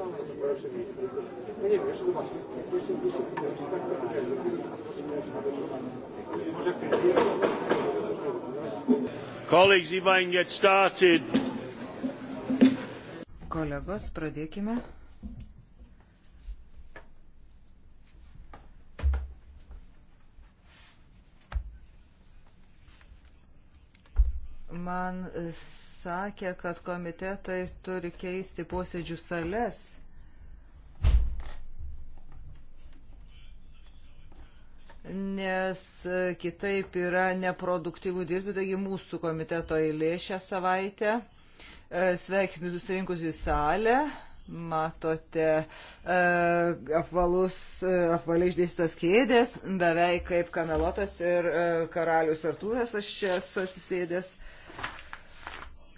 samo na to pierwsze miejsce. No nie wiem, jeszcze zobaczymy. Jeszcze, jeszcze, jeszcze tak to nie wiem. Może Colleagues, if I can get started. Kolegos, pradėkime. Man sakė, kad komitetai turi keisti posėdžių sales. Nes kitaip yra neproduktyvų dirbti, taigi mūsų komiteto eilė šią savaitę. E, sveikinu susirinkus į salę matote e, apvalus, e, apvaliai išdėstytos kėdės, beveik kaip kamelotas ir karalius Artūras aš čia esu atsisėdęs.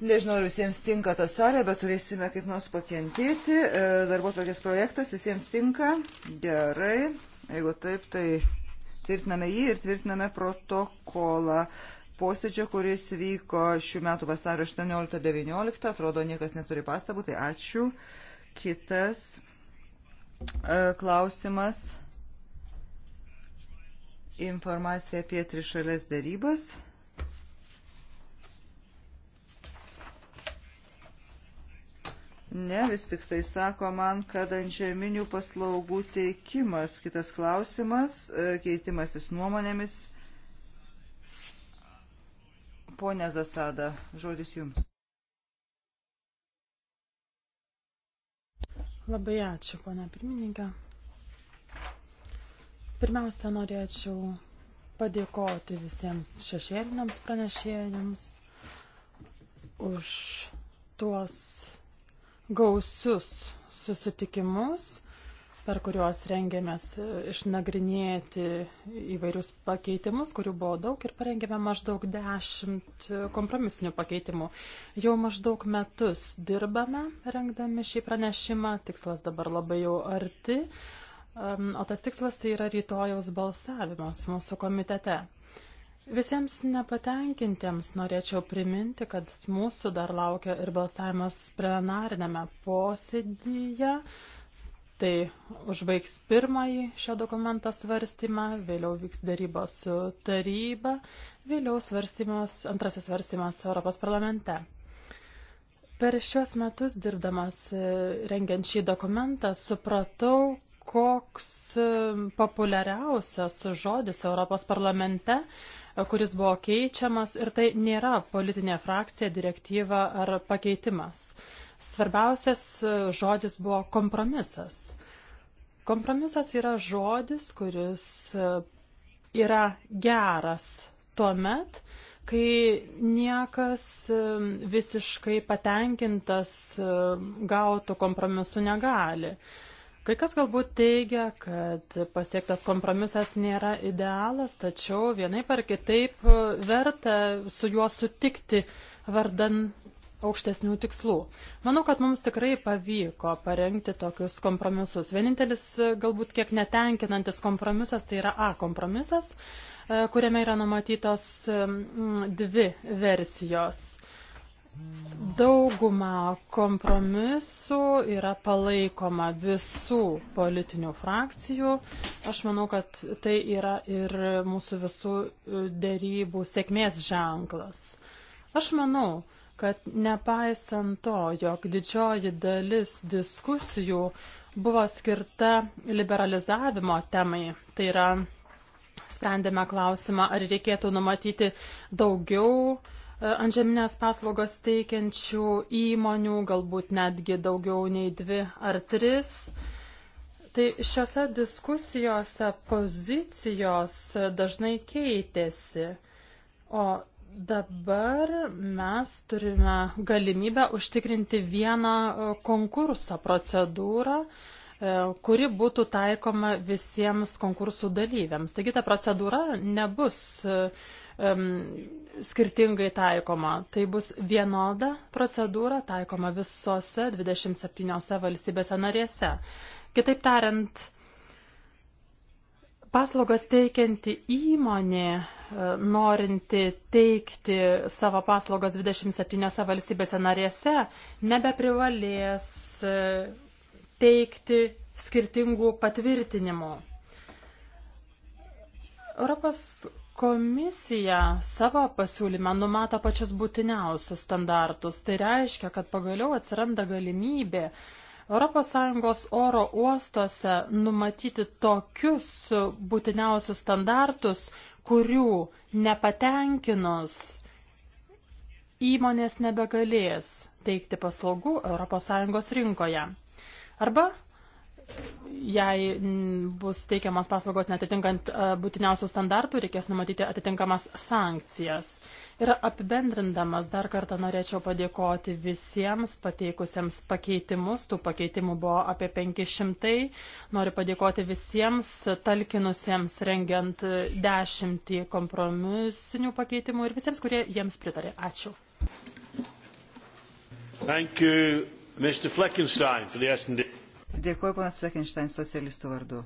Nežinau, ar visiems tinka ta salė, bet turėsime kaip nors pakentėti. E, darbo tvarkės projektas visiems tinka. Gerai. Jeigu taip, tai tvirtiname jį ir tvirtiname protokolą posėdžio, kuris vyko šių metų vasario 18-19. Atrodo, niekas neturi pastabų, tai ačiū. Kitas e, klausimas. Informacija apie trišalės darybas. Ne, vis tik tai sako man, kad antžeminių paslaugų teikimas. Kitas klausimas, e, keitimasis nuomonėmis. Pone Zasada, žodis jums. Labai ačiū, pone pirmininkė. Pirmiausia, norėčiau padėkoti visiems šešėliniams pranešėjams už tuos gausius susitikimus, per kuriuos rengėmės išnagrinėti įvairius pakeitimus, kurių buvo daug ir parengėme maždaug dešimt kompromisinių pakeitimų. Jau maždaug metus dirbame rengdami šį pranešimą, tikslas dabar labai jau arti, um, o tas tikslas tai yra rytojaus balsavimas mūsų komitete. Visiems nepatenkintiems norėčiau priminti, kad mūsų dar laukia ir balsavimas plenarinėme posėdyje. Tai užbaigs pirmąjį šio dokumento svarstymą, vėliau vyks darybos su taryba, vėliau svarstymas, antrasis svarstymas Europos parlamente. Per šiuos metus dirbdamas e, rengiant šį dokumentą supratau, koks e, populiariausias žodis Europos parlamente kuris buvo keičiamas ir tai nėra politinė frakcija, direktyva ar pakeitimas. Svarbiausias e, žodis buvo kompromisas. Kompromisas yra žodis, kuris e, yra geras tuo met, kai niekas e, visiškai patenkintas gautų kompromisu negali. Kai kas galbūt teigia, kad pasiektas kompromisas nėra idealas, tačiau vienai par kitaip verta su juo sutikti vardan aukštesnių tikslų. Manau, kad mums tikrai pavyko parengti tokius kompromisus. Vienintelis galbūt kiek netenkinantis kompromisas tai yra A kompromisas, kuriame yra numatytos mm, dvi versijos. Dauguma kompromisų yra palaikoma visų politinių frakcijų. Aš manau, kad tai yra ir mūsų visų dėrybų sėkmės ženklas. Aš manau, kad nepaisant to, jog didžioji dalis diskusijų buvo skirta liberalizavimo temai, tai yra sprendėme klausimą, ar reikėtų numatyti daugiau E, antžeminės paslaugas teikiančių įmonių, galbūt netgi daugiau nei dvi ar tris. Tai šiuose diskusijose pozicijos dažnai keitėsi, o dabar mes turime galimybę užtikrinti vieną e, konkurso procedūrą, e, kuri būtų taikoma visiems konkursų dalyviams. Taigi ta procedūra nebus um, skirtingai taikoma. Tai bus vienoda procedūra taikoma visose 27 valstybėse narėse. Kitaip tariant, Paslaugas teikianti įmonė, e, norinti teikti savo paslaugas 27 valstybėse narėse, nebeprivalės e, teikti skirtingų patvirtinimų. Europos Komisija savo pasiūlymą numato pačius būtiniausius standartus. Tai reiškia, kad pagaliau atsiranda galimybė ES oro uostuose numatyti tokius būtiniausius standartus, kurių nepatenkinus įmonės nebegalės teikti paslaugų ES rinkoje. Arba jei bus teikiamas paslaugos netitinkant e, būtiniausių standartų, reikės numatyti atitinkamas sankcijas. Ir apibendrindamas dar kartą norėčiau padėkoti visiems pateikusiems pakeitimus. Tų pakeitimų buvo apie 500. Noriu padėkoti visiems talkinusiems rengiant dešimtį kompromisinių pakeitimų ir visiems, kurie jiems pritarė. Ačiū. Thank you, Mr. Fleckenstein, for the S&D. Dėkuoju, ponas Fleckenstein, socialistų vardu.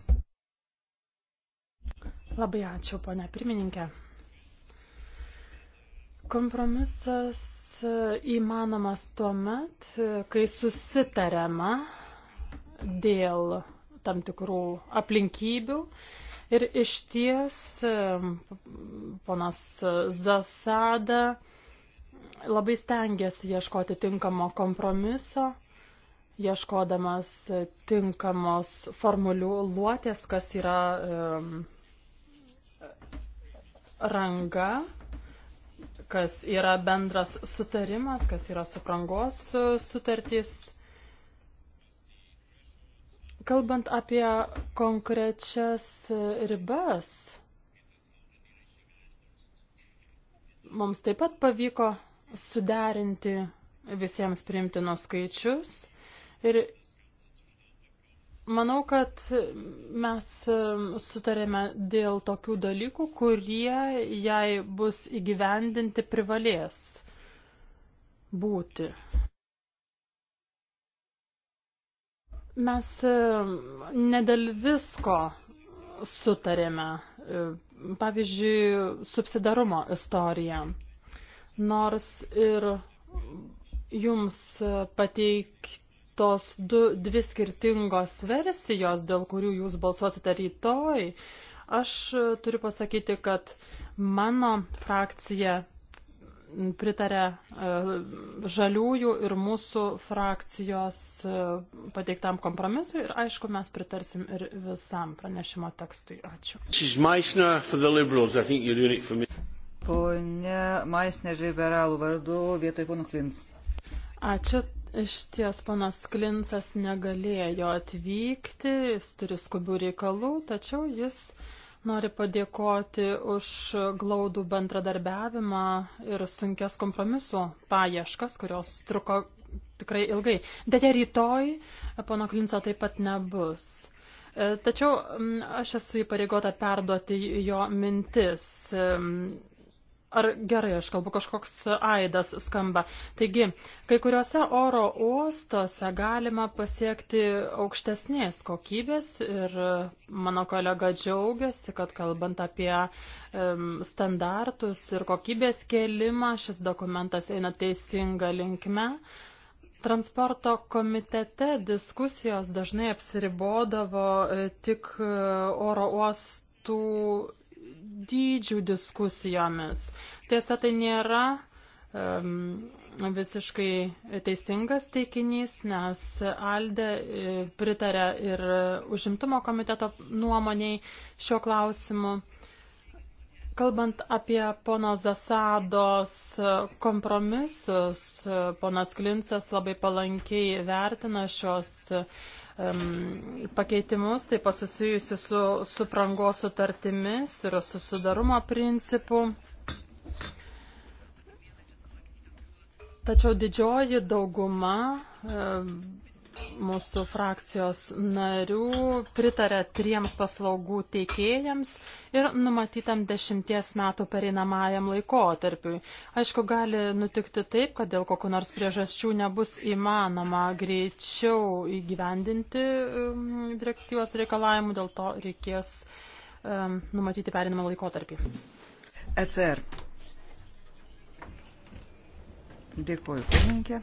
Labai ačiū, ponia pirmininkė. Kompromisas įmanomas tuo met, kai susitariama dėl tam tikrų aplinkybių. Ir iš ties ponas Zasada labai stengiasi ieškoti tinkamo kompromiso ieškodamas tinkamos formuluotės, kas yra ranga, kas yra bendras sutarimas, kas yra suprangos sutartys. Kalbant apie konkrečias ribas, mums taip pat pavyko suderinti visiems priimtinos skaičius Ir manau, kad mes sutarėme dėl tokių dalykų, kurie, jei bus įgyvendinti, privalės būti. Mes ne dėl visko sutarėme. Pavyzdžiui, subsidarumo istorija. Nors ir jums pateikti tos du, dvi skirtingos versijos, dėl kurių jūs balsuosite rytoj, aš e, turiu pasakyti, kad mano frakcija pritarė e, žaliųjų ir mūsų frakcijos e, pateiktam kompromisui ir aišku, mes pritarsim ir visam pranešimo tekstui. Ačiū. Pone Maisner liberalų vardu vietoj pono Klins. Ačiū, Iš ties panas Klinsas negalėjo atvykti, jis turi skubių reikalų, tačiau jis nori padėkoti už glaudų bendradarbiavimą ir sunkias kompromisų paieškas, kurios truko tikrai ilgai. Bet rytoj pono Klinso taip pat nebus. E, tačiau aš esu įpareigota perduoti jo mintis. E, Ar gerai aš kalbu, kažkoks aidas skamba. Taigi, kai kuriuose oro uostuose galima pasiekti aukštesnės kokybės ir mano kolega džiaugiasi, kad kalbant apie um, standartus ir kokybės kėlimą, šis dokumentas eina teisinga linkme. Transporto komitete diskusijos dažnai apsiribodavo e, tik e, oro uostų dydžių diskusijomis. Tiesa, tai nėra um, visiškai teisingas teikinys, nes Alde e, pritarė ir užimtumo komiteto nuomoniai šiuo klausimu. Kalbant apie pono Zasados kompromisus, ponas Klincas labai palankiai vertina šios um, pakeitimus, taip pat susijusiu su, su prangos sutartimis ir subsidarumo principu. Tačiau didžioji dauguma um, mūsų frakcijos narių pritarė triems paslaugų teikėjams ir numatytam dešimties metų pereinamajam laikotarpiui. Aišku, gali nutikti taip, kad dėl kokiu nors priežasčių nebus įmanoma greičiau įgyvendinti um, direktyvos reikalavimų, dėl to reikės um, numatyti pereinamą laikotarpį. ECR. Dėkuoju, pirmininkė.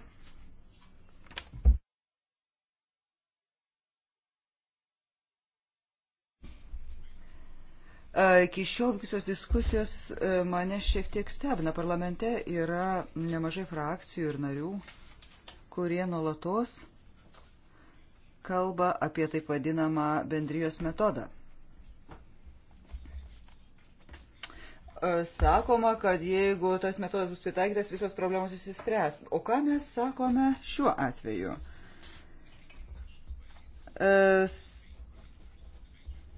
E, iki šiol visos diskusijos e, mane šiek tiek stebina. Parlamente yra nemažai frakcijų ir narių, kurie nuolatos kalba apie taip vadinamą bendrijos metodą. E, sakoma, kad jeigu tas metodas bus pritaikytas, visos problemos įsispręs. O ką mes sakome šiuo atveju?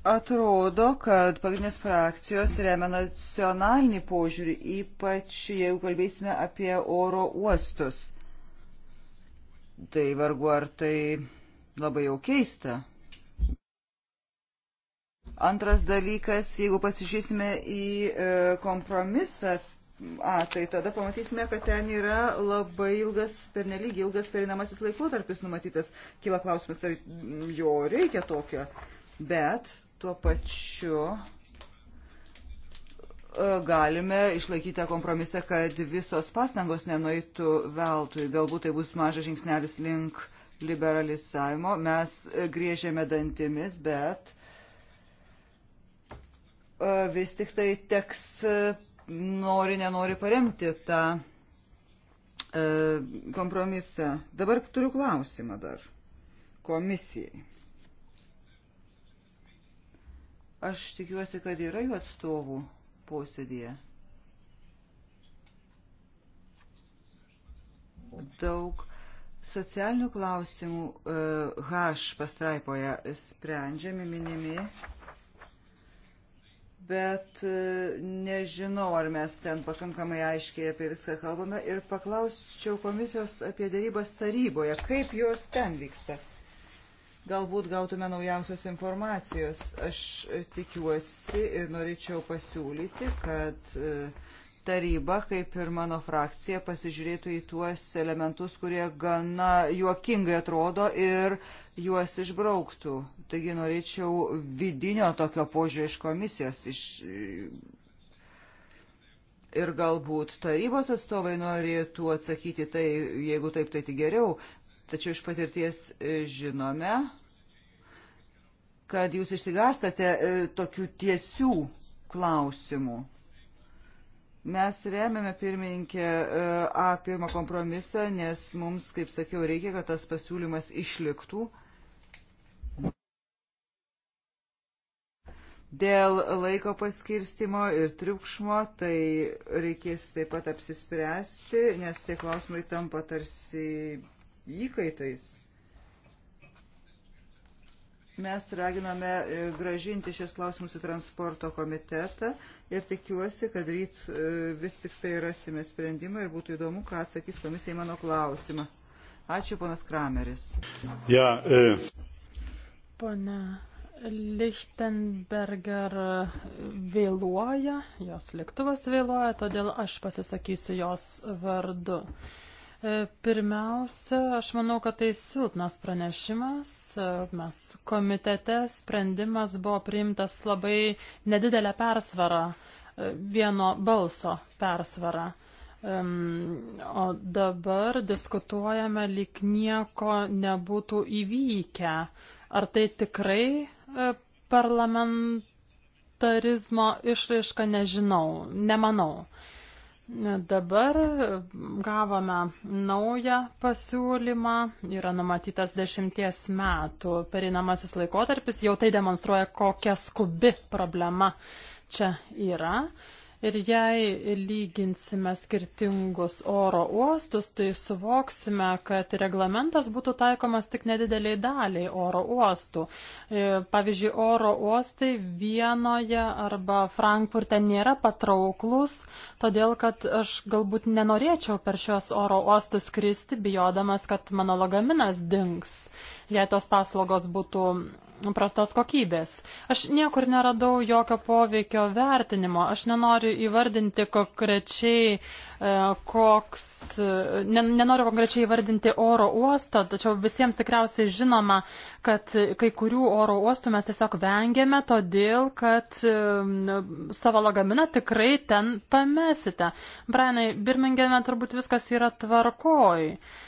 atrodo, kad pagrindinės frakcijos remia nacionalinį požiūrį, ypač jeigu kalbėsime apie oro uostus. Tai vargu ar tai labai jau keista. Antras dalykas, jeigu pasižiūrėsime į e, kompromisą, a, tai tada pamatysime, kad ten yra labai ilgas, pernelyg ilgas perinamasis laikotarpis numatytas. Kila klausimas, ar jo reikia tokio. Bet Tuo pačiu e, galime išlaikyti tą kompromisą, kad visos pastangos nenueitų veltui. Galbūt tai bus mažas žingsnelis link liberalizavimo. Mes e, griežėme dantimis, bet e, vis tik tai teks nori, nenori paremti tą kompromisą. Dabar turiu klausimą dar komisijai. Aš tikiuosi, kad yra jų atstovų posėdėje. Daug socialinių klausimų e, H pastraipoje sprendžiami minimi, bet e, nežinau, ar mes ten pakankamai aiškiai apie viską kalbame ir paklausčiau komisijos apie dėrybas taryboje, kaip jos ten vyksta galbūt gautume naujausios informacijos. Aš tikiuosi ir norėčiau pasiūlyti, kad e, taryba, kaip ir mano frakcija, pasižiūrėtų į tuos elementus, kurie gana juokingai atrodo ir juos išbrauktų. Taigi norėčiau vidinio tokio požiūrio iš komisijos. Iš, ir galbūt tarybos atstovai norėtų atsakyti tai, jeigu taip, tai tik geriau, Tačiau iš patirties e, žinome, kad jūs išsigastate e, tokių tiesių klausimų. Mes remiame pirmininkę e, A pirmą kompromisą, nes mums, kaip sakiau, reikia, kad tas pasiūlymas išliktų. Dėl laiko paskirstimo ir triukšmo, tai reikės taip pat apsispręsti, nes tie klausimai tampa tarsi įkaitais. Mes raginame e, gražinti šios klausimus į transporto komitetą ir tikiuosi, kad ryt e, vis tik tai rasime sprendimą ir būtų įdomu, ką atsakys komisija į mano klausimą. Ačiū, ponas Krameris. Ja, e... Pone Lichtenberger vėluoja, jos lėktuvas vėluoja, todėl aš pasisakysiu jos vardu. E, E, pirmiausia, aš manau, kad tai silpnas pranešimas. E, mes komitete sprendimas buvo priimtas labai nedidelę persvarą, e, vieno balso persvarą. O dabar diskutuojame, lyg nieko nebūtų įvykę. Ar tai tikrai parlamentarizmo išraiška, nežinau, nemanau. Dabar gavome naują pasiūlymą, yra numatytas dešimties metų perinamasis laikotarpis, jau tai demonstruoja, kokia skubi problema čia yra. Ir jei lyginsime skirtingus oro uostus, tai suvoksime, kad reglamentas būtų taikomas tik nedideliai daliai oro uostų. E, pavyzdžiui, oro uostai Vienoje arba Frankfurte nėra patrauklus, todėl kad aš galbūt nenorėčiau per šios oro uostus kristi, bijodamas, kad mano lagaminas dinks. Jei tos paslaugos būtų prastos kokybės. Aš niekur neradau jokio poveikio vertinimo. Aš nenoriu įvardinti konkrečiai, e, koks, nenoriu konkrečiai įvardinti oro uosto, tačiau visiems tikriausiai žinoma, kad kai kurių oro uostų mes tiesiog vengėme, todėl, kad e, savo lagaminą tikrai ten pamesite. Brianai, Birmingeme turbūt viskas yra tvarkoj. Uh,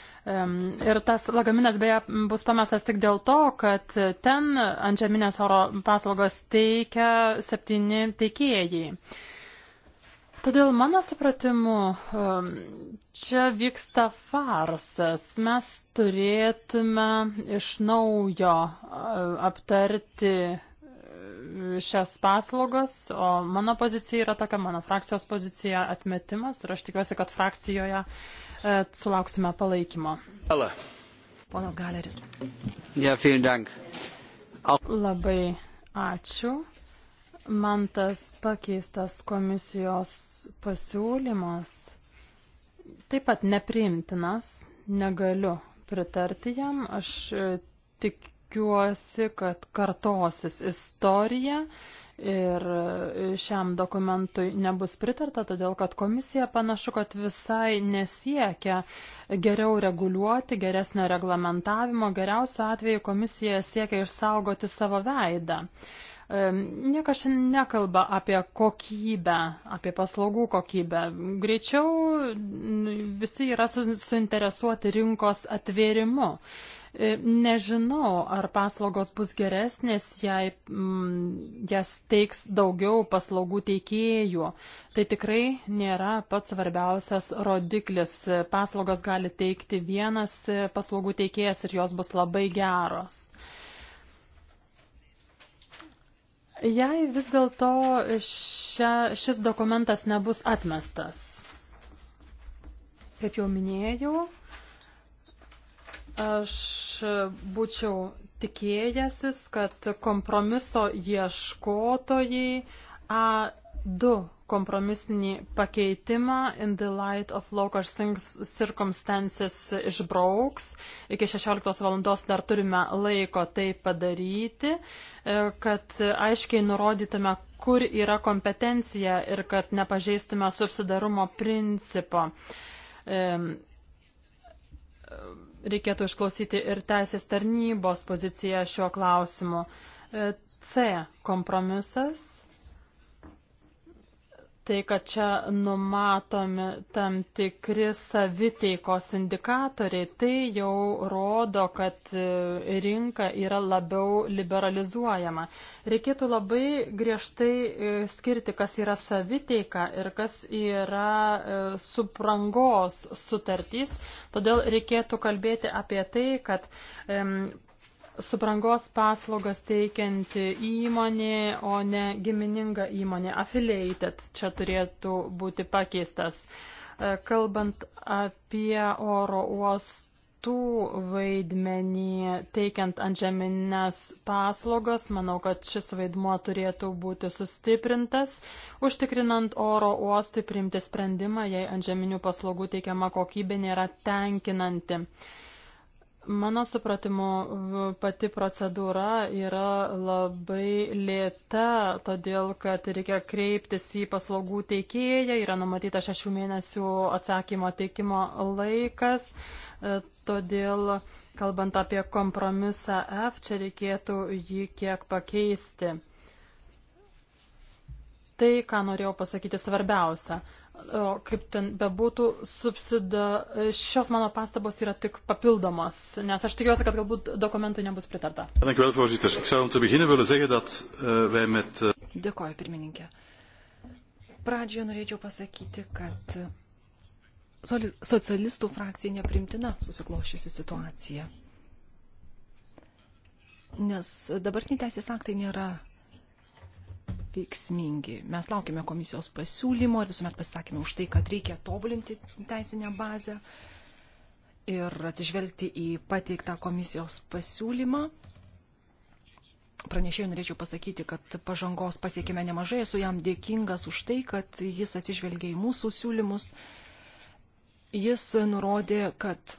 Ir tas lagaminas beje bus pamestas tik dėl to, kad ten ant žeminės oro paslaugos teikia septyni teikėjai. Todėl mano supratimu, čia vyksta farsas. Mes turėtume iš naujo aptarti šias paslaugas, o mano pozicija yra tokia, mano frakcijos pozicija atmetimas ir aš tikiuosi, kad frakcijoje e, sulauksime palaikymo. Ala. Ponas Galeris. Ja, vielen Dank. Au. Labai ačiū. Man tas pakeistas komisijos pasiūlymas taip pat nepriimtinas, negaliu pritarti jam. Aš e, tik tikiuosi, kad kartosis istorija ir šiam dokumentui nebus pritarta, todėl kad komisija panašu, kad visai nesiekia geriau reguliuoti, geresnio reglamentavimo. Geriausiu atveju komisija siekia išsaugoti savo veidą. Niekas šiandien nekalba apie kokybę, apie paslaugų kokybę. Greičiau visi yra suinteresuoti rinkos atvėrimu. E, nežinau, ar paslaugos bus geresnės, jei mm, jas teiks daugiau paslaugų teikėjų. Tai tikrai nėra pats svarbiausias rodiklis. Paslaugas gali teikti vienas paslaugų teikėjas ir jos bus labai geros. Jei vis dėlto šis dokumentas nebus atmestas, kaip jau minėjau, Aš būčiau tikėjęsis, kad kompromiso ieškotojai A2 kompromisinį pakeitimą in the light of local circumstances išbrauks. Iki 16 valandos dar turime laiko tai padaryti, e, kad aiškiai nurodytume, kur yra kompetencija ir kad nepažeistume subsidarumo principo. Um, um, reikėtų išklausyti ir teisės tarnybos poziciją šiuo klausimu. E, C kompromisas tai, kad čia numatomi tam tikri saviteikos indikatoriai, tai jau rodo, kad e, rinka yra labiau liberalizuojama. Reikėtų labai griežtai e, skirti, kas yra saviteika ir kas yra e, suprangos sutartys. Todėl reikėtų kalbėti apie tai, kad subrangos paslaugas teikianti įmonė, o ne gimininga įmonė. Affiliated čia turėtų būti pakeistas. E, kalbant apie oro uostų vaidmenį teikiant antžeminės paslaugas, manau, kad šis vaidmuo turėtų būti sustiprintas, užtikrinant oro uostui priimti sprendimą, jei antžeminių paslaugų teikiama kokybė nėra tenkinanti. Mano supratimu, pati procedūra yra labai lėta, todėl kad reikia kreiptis į paslaugų teikėją, yra numatyta šešių mėnesių atsakymo teikimo laikas, e, todėl, kalbant apie kompromisą F, čia reikėtų jį kiek pakeisti. Tai, ką norėjau pasakyti svarbiausia. O kaip ten bebūtų, subsida... šios mano pastabos yra tik papildomos, nes aš tikiuosi, kad galbūt dokumentui nebus pritarta. Eh, eh, Dėkoju, pirmininkė. Pradžioje norėčiau pasakyti, kad eh, socialistų frakcija neprimtina susiklošiusi situacija. Nes dabartiniai teisės aktai nėra veiksmingi. Mes laukime komisijos pasiūlymo ir visuomet pasisakėme už tai, kad reikia tobulinti teisinę bazę ir atsižvelgti į pateiktą komisijos pasiūlymą. Pranešėjui norėčiau pasakyti, kad pažangos pasiekime nemažai, esu jam dėkingas už tai, kad jis atsižvelgia į mūsų siūlymus. Jis nurodė, kad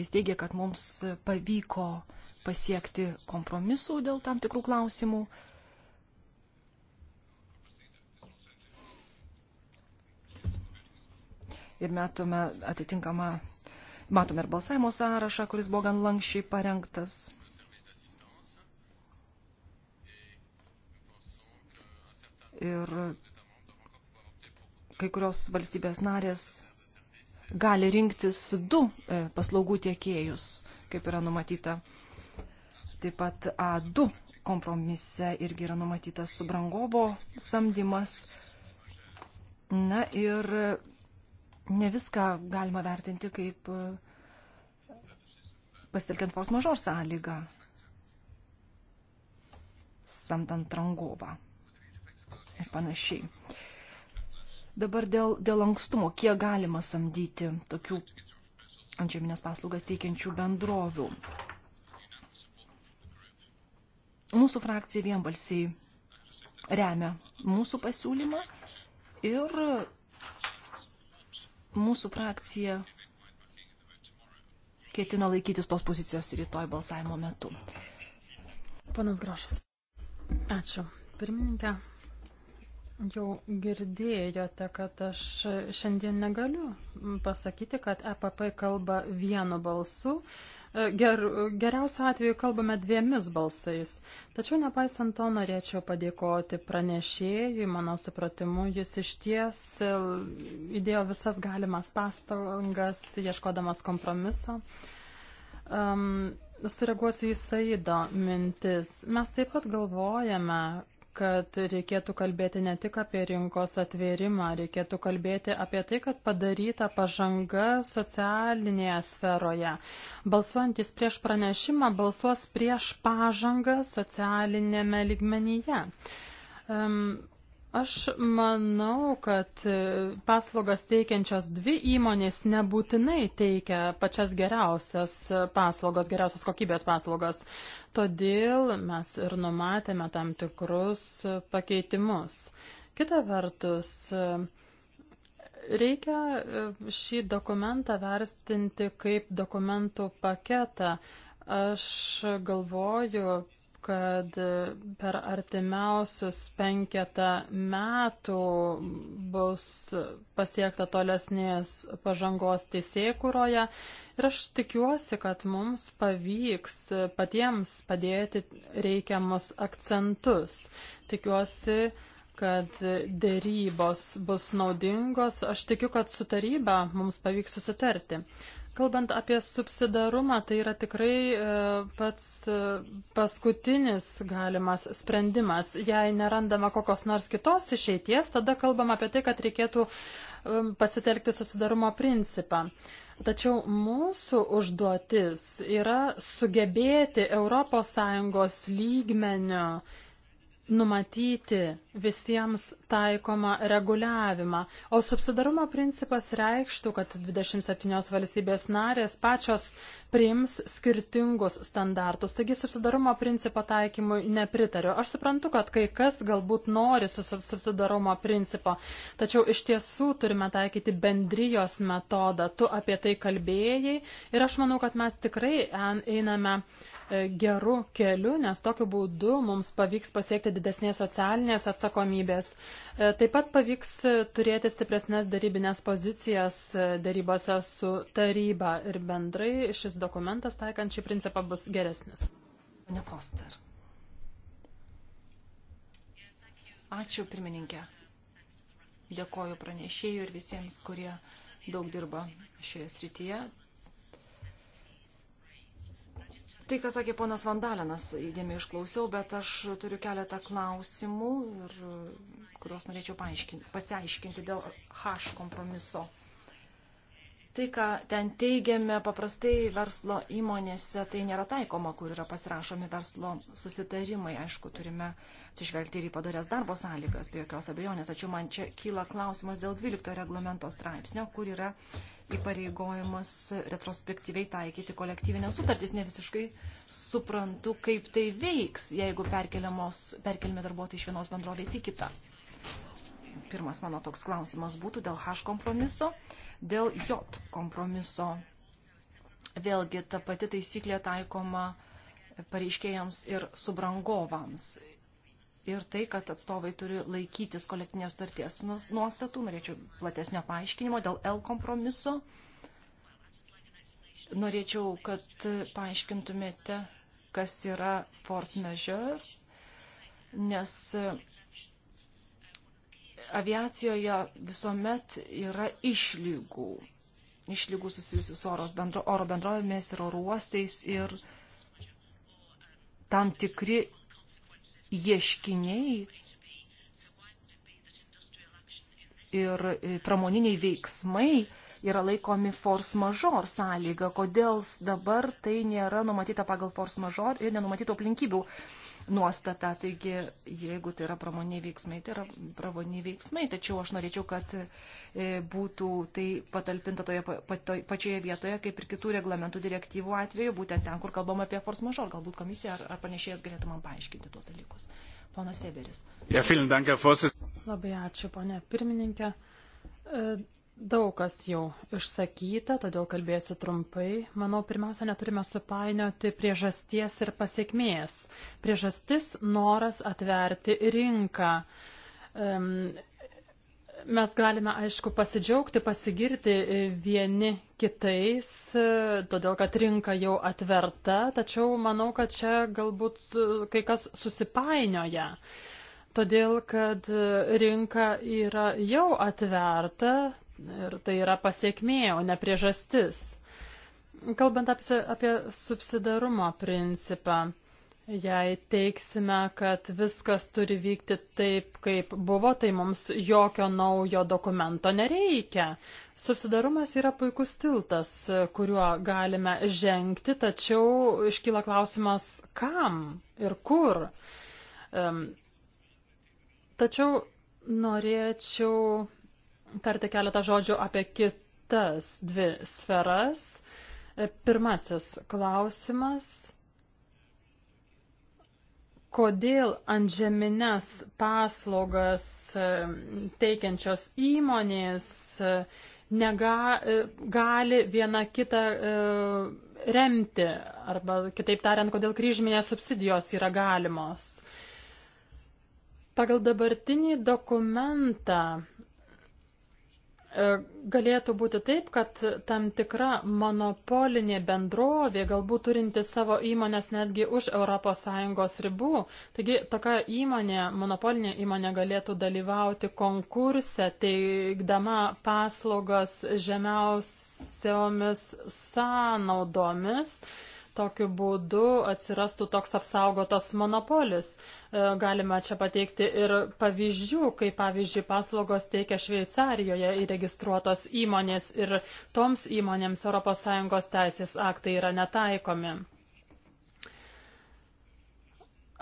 jis teigia, kad mums pavyko uh, pasiekti kompromisų dėl tam tikrų klausimų. Ir metome atitinkamą, matome ir balsavimo sąrašą, kuris buvo gan lankščiai parengtas. Ir kai kurios valstybės narės gali rinktis du e, paslaugų tiekėjus, kaip yra numatyta Taip pat A2 kompromise irgi yra numatytas subrangovo samdymas. Na ir ne viską galima vertinti kaip pasitelkiant force majeure sąlygą, samdant rangovą ir panašiai. Dabar dėl, dėl lankstumo, kiek galima samdyti tokių antžeminės paslaugas teikiančių bendrovių. Mūsų frakcija vienbalsiai remia mūsų pasiūlymą ir mūsų frakcija ketina laikytis tos pozicijos rytoj balsavimo metu. Panas Grošas. Ačiū. Pirmininkė, jau girdėjote, kad aš šiandien negaliu pasakyti, kad EPP kalba vienu balsu, E, ger, geriausiu atveju kalbame dviemis balsais. Tačiau nepaisant to norėčiau padėkoti pranešėjui, mano supratimu, jis iš ties e, įdėjo visas galimas pastangas, ieškodamas kompromiso. Um, sureaguosiu į Saido mintis. Mes taip pat galvojame, kad reikėtų kalbėti ne tik apie rinkos atvėrimą, reikėtų kalbėti apie tai, kad padaryta pažanga socialinėje sferoje. Balsuojantis prieš pranešimą balsuos prieš pažangą socialinėme ligmenyje. Um, Aš manau, kad e, paslaugas teikiančios dvi įmonės nebūtinai teikia pačias geriausias e, paslaugas, geriausios kokybės paslaugas. Todėl mes ir numatėme tam tikrus e, pakeitimus. Kita vertus, reikia šį dokumentą verstinti kaip dokumentų paketą. Aš galvoju, kad per artimiausius penketą metų bus pasiekta tolesnės pažangos teisėkuroje ir aš tikiuosi, kad mums pavyks patiems padėti reikiamus akcentus. Tikiuosi, kad dėrybos bus naudingos. Aš tikiu, kad su taryba mums pavyks susitarti. Kalbant apie subsidarumą, tai yra tikrai e, pats e, paskutinis galimas sprendimas. Jei nerandama kokios nors kitos išeities, tada kalbam apie tai, kad reikėtų e, pasitelkti susidarumo principą. Tačiau mūsų užduotis yra sugebėti ES lygmenio uh, numatyti visiems taikomą reguliavimą, o subsidarumo principas reikštų, kad 27 valstybės narės pačios priims skirtingus standartus. Taigi subsidarumo principo taikymui nepritariu. Aš suprantu, kad kai kas galbūt nori su subsidarumo principo, tačiau iš tiesų turime taikyti bendrijos metodą. Tu apie tai kalbėjai ir aš manau, kad mes tikrai einame E, geru keliu, nes tokiu būdu mums pavyks pasiekti didesnės socialinės atsakomybės. E, taip pat pavyks e, turėti stipresnės darybinės pozicijas darybose su taryba ir bendrai šis dokumentas taikant šį principą bus geresnis. Ne Foster. Ačiū pirmininkė. Dėkoju pranešėjų ir visiems, kurie daug dirba šioje srityje. Tai, ką sakė ponas Vandalinas, įdėmiai išklausiau, bet aš turiu keletą klausimų, ir, kuriuos norėčiau pasiaiškinti dėl H kompromiso. Tai, ką ten teigiame, paprastai verslo įmonėse tai nėra taikoma, kur yra pasirašomi verslo susitarimai. Aišku, turime atsižvelgti ir į padarės darbo sąlygas, be jokios abejonės. Ačiū, man čia kyla klausimas dėl 12 reglamento straipsnio, kur yra įpareigojimas retrospektyviai taikyti kolektyvinės sutartys. Ne visiškai suprantu, kaip tai veiks, jeigu perkeliami darbuotojai iš vienos bendrovės į kitą. Pirmas mano toks klausimas būtų dėl H kompromiso. Dėl J kompromiso vėlgi ta pati taisyklė taikoma pareiškėjams ir subrangovams. Ir tai, kad atstovai turi laikytis kolektinės tarties nuostatų, norėčiau platesnio paaiškinimo dėl L kompromiso. Norėčiau, kad paaiškintumėte, kas yra force measure, nes aviacijoje visuomet yra išlygų. Išlygų susijusių su bendro, oro bendrovėmis ir oro uostais ir tam tikri ieškiniai ir pramoniniai veiksmai yra laikomi force major sąlyga. Kodėl dabar tai nėra numatyta pagal force major ir nenumatytų aplinkybių nuostata. Taigi, jeigu tai yra pramoniai veiksmai, tai yra pramoniai veiksmai. Tačiau aš norėčiau, kad e, būtų tai patalpinta toje pačioje vietoje, kaip ir kitų reglamentų direktyvų atveju, būtent ten, kur kalbam apie force majeure. Galbūt komisija ar, ar panešėjas galėtų man paaiškinti tuos dalykus. Ponas Teberis. Ja, Labai ačiū, ponė pirmininkė. E, Daug kas jau išsakyta, todėl kalbėsiu trumpai. Manau, pirmiausia, neturime supainioti priežasties ir pasiekmės. Priežastis - noras atverti rinką. Um, mes galime, aišku, pasidžiaugti, pasigirti vieni kitais, todėl kad rinka jau atverta, tačiau manau, kad čia galbūt kai kas susipainioja. Todėl, kad rinka yra jau atverta, Ir tai yra pasiekmė, o ne priežastis. Kalbant apie, apie subsidarumo principą, jei teiksime, kad viskas turi vykti taip, kaip buvo, tai mums jokio naujo dokumento nereikia. Subsidarumas yra puikus tiltas, kuriuo galime žengti, tačiau iškyla klausimas, kam ir kur. Tačiau norėčiau tarti keletą žodžių apie kitas dvi sferas. E, pirmasis klausimas. Kodėl antžemines paslaugas e, teikiančios įmonės e, nega, gali viena kitą remti, arba kitaip tariant, kodėl kryžminės subsidijos yra galimos. Pagal dabartinį dokumentą E, galėtų būti taip, kad tam tikra monopolinė bendrovė, galbūt turinti savo įmonės netgi už ES ribų, taigi tokia įmonė, monopolinė įmonė galėtų dalyvauti konkurse, teikdama paslaugas žemiausiomis sąnaudomis. Uh, tokiu būdu atsirastų toks apsaugotas monopolis. E, Galima čia pateikti ir pavyzdžių, kai pavyzdžiui paslaugos teikia Šveicarijoje įregistruotos įmonės ir toms įmonėms ES teisės aktai yra netaikomi.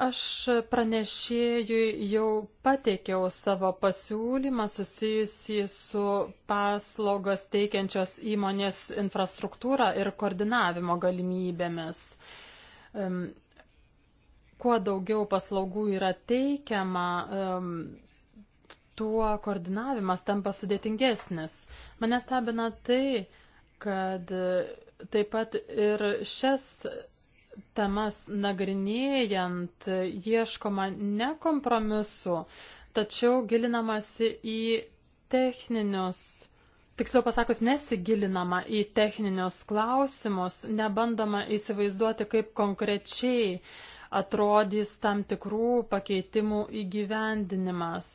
Aš pranešėjui jau pateikiau savo pasiūlymą susijusį su paslaugas teikiančios įmonės infrastruktūra ir koordinavimo galimybėmis. Kuo daugiau paslaugų yra teikiama, tuo koordinavimas tampa sudėtingesnis. Mane stebina tai, kad taip pat ir šias temas nagrinėjant ieškoma ne kompromisu, tačiau gilinamasi į techninius, tiksliau pasakus, nesigilinama į techninius klausimus, nebandoma įsivaizduoti, kaip konkrečiai atrodys tam tikrų pakeitimų įgyvendinimas.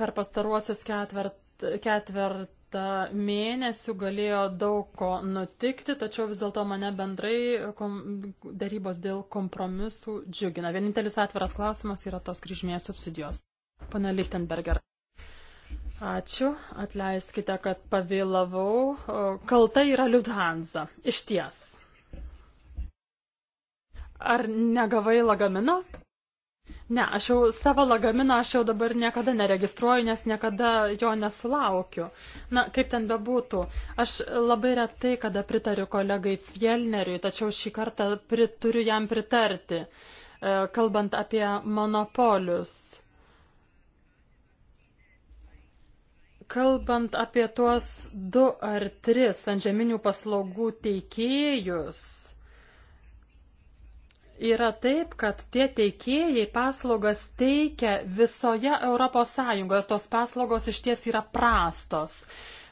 Per pastaruosius ketvert, ketvert keletą mėnesių galėjo daug ko nutikti, tačiau vis dėlto mane bendrai kom, darybos dėl kompromisų džiugina. Vienintelis atviras klausimas yra tos kryžmės subsidijos. Pane Lichtenberger. Ačiū, atleiskite, kad pavėlavau. Kalta yra Liudhansa. Iš ties. Ar negavai lagamino? Ne, aš jau savo lagaminą aš jau dabar niekada neregistruoju, nes niekada jo nesulaukiu. Na, kaip ten bebūtų, aš labai retai, kada pritariu kolegai Fjellneriui, tačiau šį kartą prit, turiu jam pritarti, e, kalbant apie monopolius. Kalbant apie tuos du ar tris antžeminių paslaugų teikėjus, yra taip, kad tie teikėjai paslaugas teikia visoje Europos Sąjungoje. Tos paslaugos iš ties yra prastos.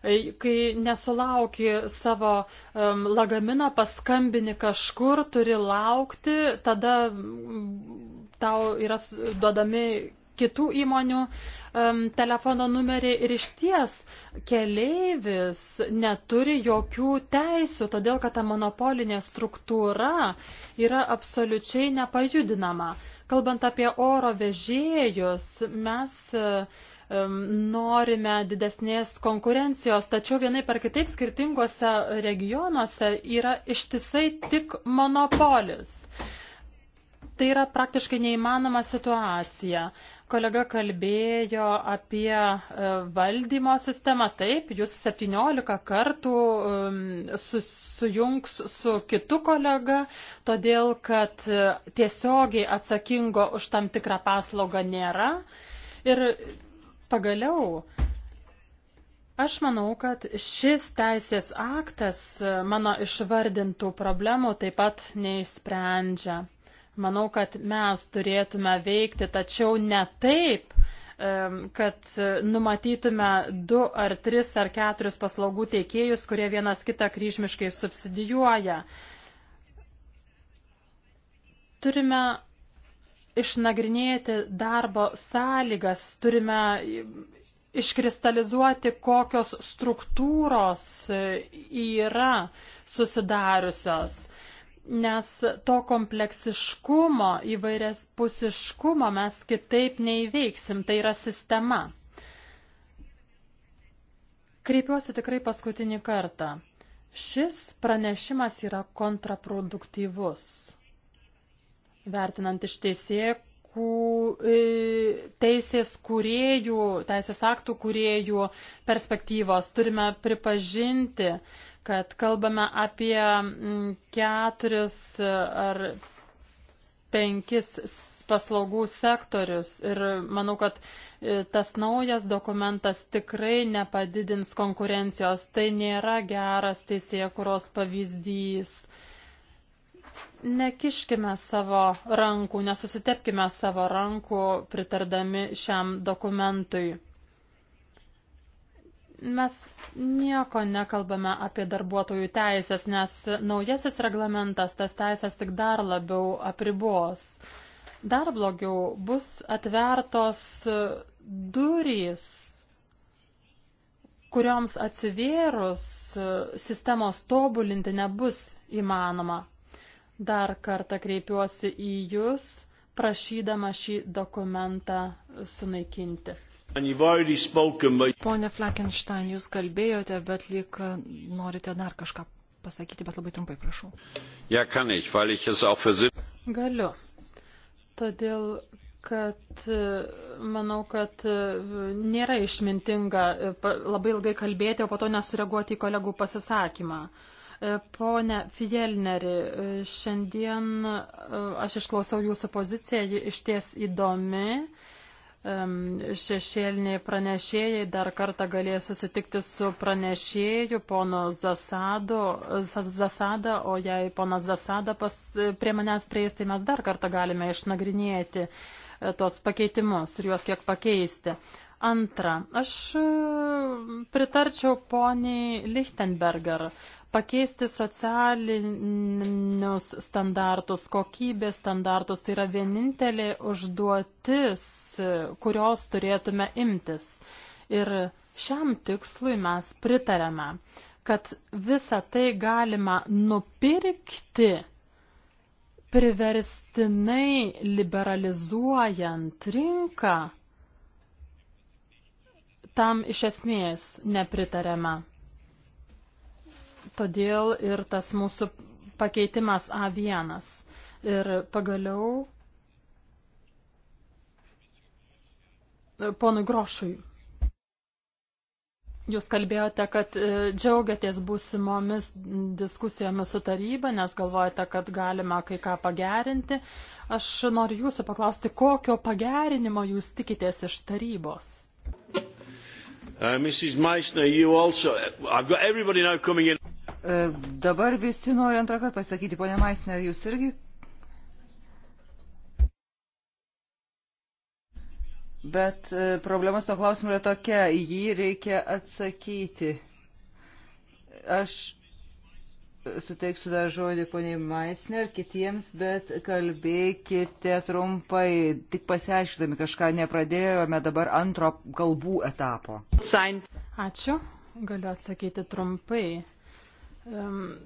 E, kai nesulauki savo um, lagamino, paskambini kažkur, turi laukti, tada tau yra duodami kitų įmonių um, telefono numerį ir iš ties keleivis neturi jokių teisių, todėl kad ta monopolinė struktūra yra absoliučiai nepajudinama. Kalbant apie oro vežėjus, mes norime didesnės konkurencijos, tačiau vienai per kitaip skirtingose regionuose yra ištisai tik monopolis. Tai yra praktiškai neįmanoma situacija. Kolega kalbėjo apie e, valdymo sistemą. Taip, jūs 17 kartų um, susijungs su kitu kolega, todėl kad e, tiesiogiai atsakingo už tam tikrą paslaugą nėra. Ir pagaliau, Aš manau, kad šis teisės aktas e, mano išvardintų problemų taip pat neišsprendžia. Manau, kad mes turėtume veikti, tačiau ne taip, kad e, numatytume du ar tris ar keturis paslaugų teikėjus, kurie vienas kitą kryžmiškai subsidijuoja. Turime išnagrinėti darbo sąlygas, turime iškristalizuoti, kokios struktūros e, yra susidariusios nes to kompleksiškumo, įvairias pusiškumo mes kitaip neįveiksim, tai yra sistema. Kreipiuosi tikrai paskutinį kartą. Šis pranešimas yra kontraproduktyvus. Vertinant iš teisėjų e, teisės kuriejų, teisės aktų kuriejų perspektyvos turime pripažinti, kad kalbame apie mm, keturis e, ar penkis paslaugų sektorius ir manau, kad e, tas naujas dokumentas tikrai nepadidins konkurencijos. Tai nėra geras teisėkuros pavyzdys. Nekiškime savo rankų, nesusitepkime savo rankų pritardami šiam dokumentui mes nieko nekalbame apie darbuotojų teisės, nes naujasis reglamentas tas teisės tik dar labiau apribos. Dar blogiau bus atvertos durys, kurioms atsivėrus sistemos tobulinti nebus įmanoma. Dar kartą kreipiuosi į Jūs, prašydama šį dokumentą sunaikinti. Pone Flakenstein, jūs kalbėjote, bet lyg norite dar kažką pasakyti, bet labai trumpai prašau. Ja, kann ich, weil ich es auch für Galiu. Todėl, kad e, manau, kad e, nėra išmintinga e, labai ilgai kalbėti, o po to nesureaguoti į kolegų pasisakymą. Pone Fielneri, šiandien aš išklausiau jūsų poziciją, ji išties įdomi šešėliniai pranešėjai dar kartą galės susitikti su pranešėju pono Zasado, Zasada, o jei ponas Zasada pas, prie manęs prieis, tai mes dar kartą galime išnagrinėti e, tos pakeitimus ir juos kiek pakeisti. Antra, aš e, pritarčiau poniai Lichtenberger pakeisti socialinius standartus, kokybės standartus. Tai yra vienintelė užduotis, kurios turėtume imtis. Ir šiam tikslui mes pritarėme, kad visą tai galima nupirkti priverstinai liberalizuojant rinką tam iš esmės nepritarėme. Todėl ir tas mūsų pakeitimas A1. Ir pagaliau ponui Grošui. Jūs kalbėjote, kad e, džiaugiatės būsimomis diskusijomis su taryba, nes galvojate, kad galima kai ką pagerinti. Aš noriu jūsų paklausti, kokio pagerinimo jūs tikitės iš tarybos? Uh, Meissner, also, E, dabar visi nori antrą kartą pasakyti. Pone Maisner, jūs irgi? Bet e, problemas to klausimu yra tokia, jį reikia atsakyti. Aš suteiksiu dar žodį poniai Maisner kitiems, bet kalbėkite trumpai, tik pasiaiškydami kažką nepradėjome dabar antro kalbų etapo. Ačiū, galiu atsakyti trumpai um,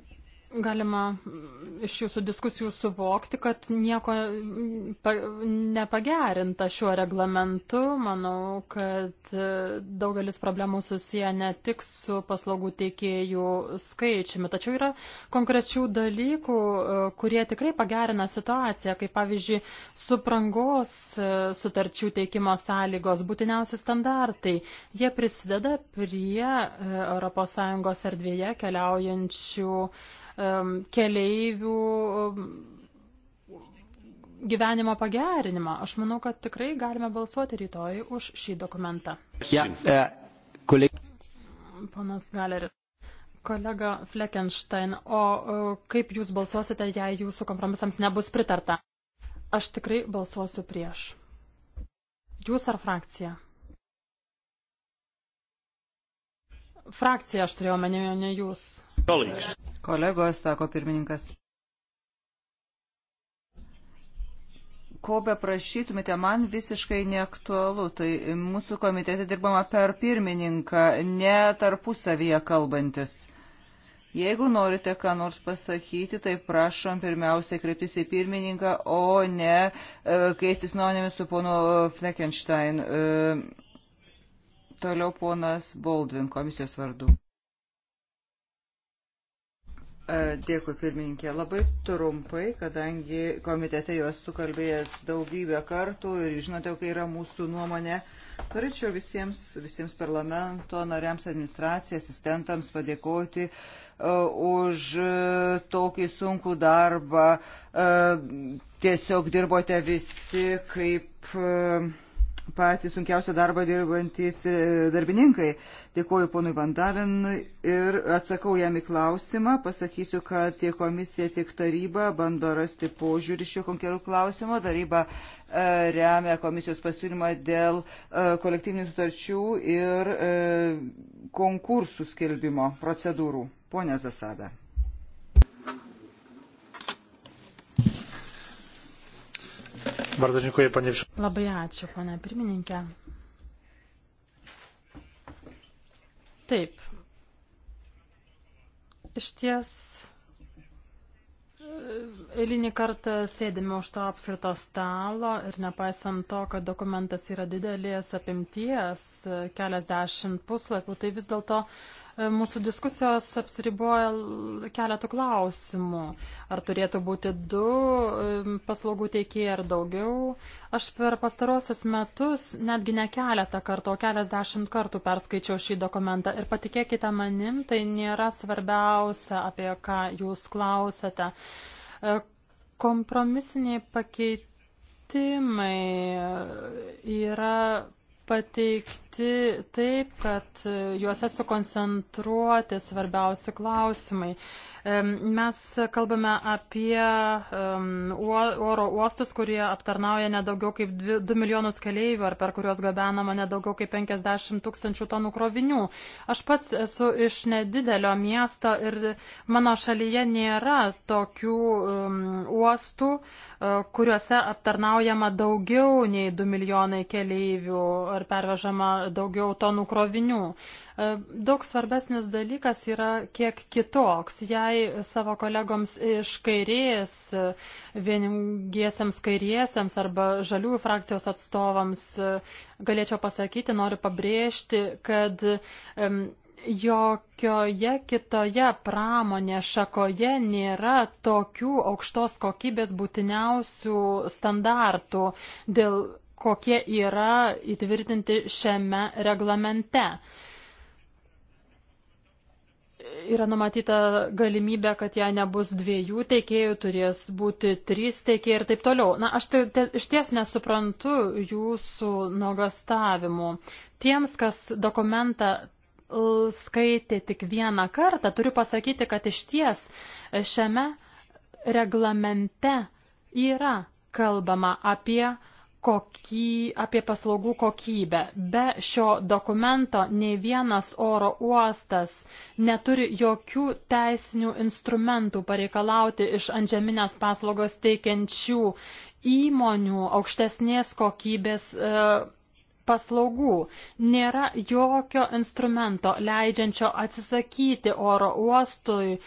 galima mm, iš jūsų diskusijų suvokti, kad nieko mm, nepagerinta šiuo reglamentu. Manau, kad e, daugelis problemų susiję ne tik su paslaugų teikėjų skaičiumi, tačiau yra konkrečių dalykų, e, kurie tikrai pagerina situaciją, kaip pavyzdžiui, suprangos e, sutarčių teikimo sąlygos, būtiniausi standartai. Jie prisideda prie ES erdvėje keliaujančių Um, keleivių um, gyvenimo pagerinimą. Aš manau, kad tikrai galime balsuoti rytoj už šį dokumentą. Ja, uh, koleg... Ponas Galeris. Kolega Fleckenstein, o, o e, kaip jūs balsuosite, jei jūsų kompromisams nebus pritarta? Aš tikrai balsuosiu prieš. Jūs ar frakcija? Frakcija aš turėjau menį, ne jūs. Colleagues. Kolegos, sako pirmininkas. ko beprašytumėte, man visiškai neaktualu. Tai mūsų komitete dirbama per pirmininką, ne tarpusavyje kalbantis. Jeigu norite ką nors pasakyti, tai prašom pirmiausia kreiptis į pirmininką, o ne e, keistis nuomonėmis su ponu Fleckenstein. E, toliau ponas Baldwin komisijos vardu. E, dėkui pirmininkė. Labai trumpai, kadangi komitete juos sukalbėjęs daugybę kartų ir žinote, kai yra mūsų nuomonė, norėčiau visiems, visiems parlamento nariams, administracijai, asistentams padėkoti uh, už tokį sunkų darbą. Uh, tiesiog dirbote visi kaip. Uh, patys sunkiausią darbą dirbantis darbininkai. Dėkuoju ponui Vandalinui ir atsakau jam į klausimą. Pasakysiu, kad tiek komisija, tiek taryba bando rasti požiūrį šio konkretų klausimo. Taryba e, remia komisijos pasiūlymą dėl e, kolektyvinių sutarčių ir e, konkursų skelbimo procedūrų. Pone Zasada. Labai ačiū, ponia pirmininkė. Taip. Iš ties eilinį kartą sėdime už to apskrito stalo ir nepaisant to, kad dokumentas yra didelės apimties, keliasdešimt puslapių, tai vis dėlto uh, E, mūsų diskusijos apsiriboja keletų klausimų. Ar turėtų būti du e, paslaugų teikėjai ar daugiau? Aš per pastarosius metus netgi ne keletą kartų, o keliasdešimt kartų perskaičiau šį dokumentą. Ir patikėkite manim, tai nėra svarbiausia, apie ką jūs klausėte. E, kompromisiniai pakeitimai yra pateikti parengti taip, kad juose sukoncentruoti svarbiausi klausimai. Mes kalbame apie oro uostus, kurie aptarnauja nedaugiau kaip 2 milijonus keleivių ar per kuriuos gabenama nedaugiau kaip 50 tūkstančių tonų krovinių. Aš pats esu iš nedidelio miesto ir mano šalyje nėra tokių uostų, e, kuriuose aptarnaujama daugiau nei 2 milijonai keleivių ar pervežama daugiau tonų krovinių. E, daug svarbesnis dalykas yra kiek kitoks. Jei savo kolegoms iš kairės, vieningiesiems kairiesiems arba žaliųjų frakcijos atstovams e, galėčiau pasakyti, noriu pabrėžti, kad jokioje kitoje pramonės šakoje nėra tokių aukštos kokybės būtiniausių standartų, dėl kokie yra įtvirtinti šiame reglamente. Yra numatyta galimybė, kad jei nebus dviejų teikėjų, turės būti trys teikėjai ir taip toliau. Na, aš te, tai- te, tai iš ties nesuprantu jūsų nuogastavimų. Tiems, kas dokumentą skaitė tik vieną kartą, turiu pasakyti, kad iš ties šiame reglamente yra kalbama apie koky, apie paslaugų kokybę. Be šio dokumento nei vienas oro uostas neturi jokių teisinių instrumentų pareikalauti iš antžeminės paslaugos teikiančių įmonių aukštesnės kokybės e, paslaugų. Nėra jokio instrumento leidžiančio atsisakyti oro uostui e,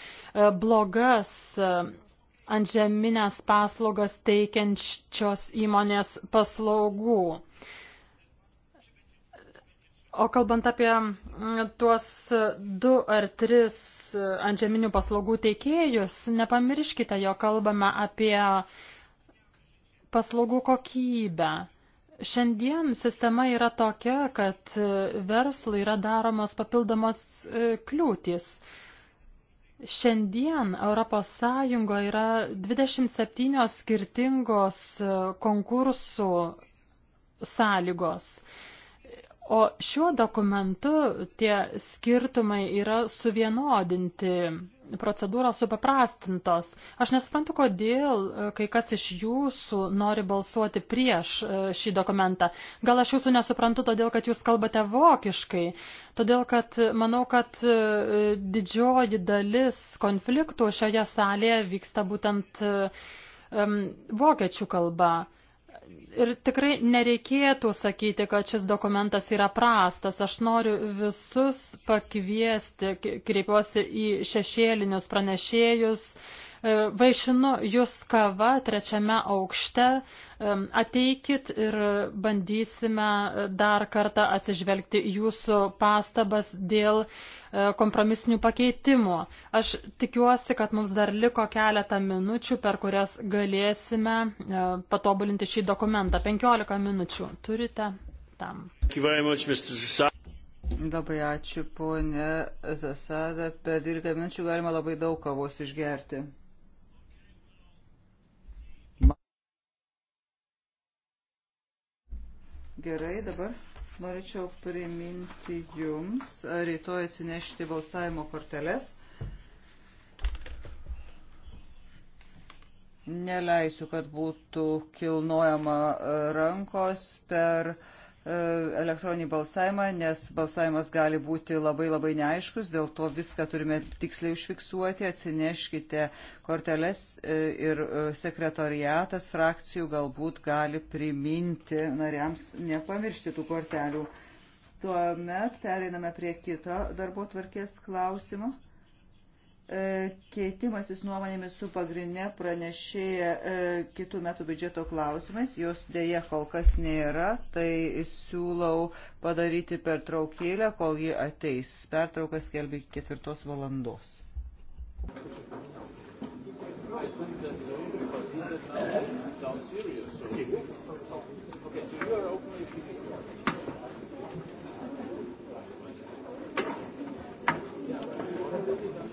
blogas e, antžeminės paslaugas teikiančios įmonės paslaugų. O kalbant apie mm, tuos du ar tris antžeminių paslaugų teikėjus, nepamirškite, jo kalbame apie paslaugų kokybę. Šiandien sistema yra tokia, kad verslui yra daromos papildomos kliūtis. E, Šiandien ES yra 27 skirtingos e, konkursų sąlygos, o šiuo dokumentu tie skirtumai yra suvienodinti procedūros supaprastintos. Aš nesuprantu, kodėl e, kai kas iš jūsų nori balsuoti prieš e, šį dokumentą. Gal aš jūsų nesuprantu, todėl kad jūs kalbate vokiškai. Todėl kad manau, kad e, didžioji dalis konfliktų šioje salėje vyksta būtent um, vokiečių kalba ir tikrai nereikėtų sakyti, kad šis dokumentas yra prastas. Aš noriu visus pakviesti, kreipiuosi į šešėlinius pranešėjus, uh, E, vaišinu jūs kava trečiame aukšte, e, ateikit ir bandysime dar kartą atsižvelgti jūsų pastabas dėl e, kompromisinių pakeitimų. Aš tikiuosi, kad mums dar liko keletą minučių, per kurias galėsime patobulinti šį dokumentą. 15 minučių turite tam. Labai ačiū, ponė Zasada. Per 12 minučių galima labai daug kavos išgerti. Gerai, dabar norėčiau priminti jums rytoj atsinešti balsavimo korteles. Neleisiu, kad būtų kilnojama rankos per uh, elektroninį balsavimą, nes balsavimas gali būti labai labai neaiškus, dėl to viską turime tiksliai užfiksuoti, atsineškite korteles e, ir e, sekretoriatas frakcijų galbūt gali priminti nariams nepamiršti tų kortelių. Tuomet pereiname prie kito darbo tvarkės klausimo. E, keitimasis nuomonėmis su pagrindinė pranešėja e, kitų metų biudžeto klausimais. Jos dėja kol kas nėra, tai siūlau padaryti pertraukėlę, kol ji ateis. Pertrauką skelbi ketvirtos valandos. Okay, so you are open if you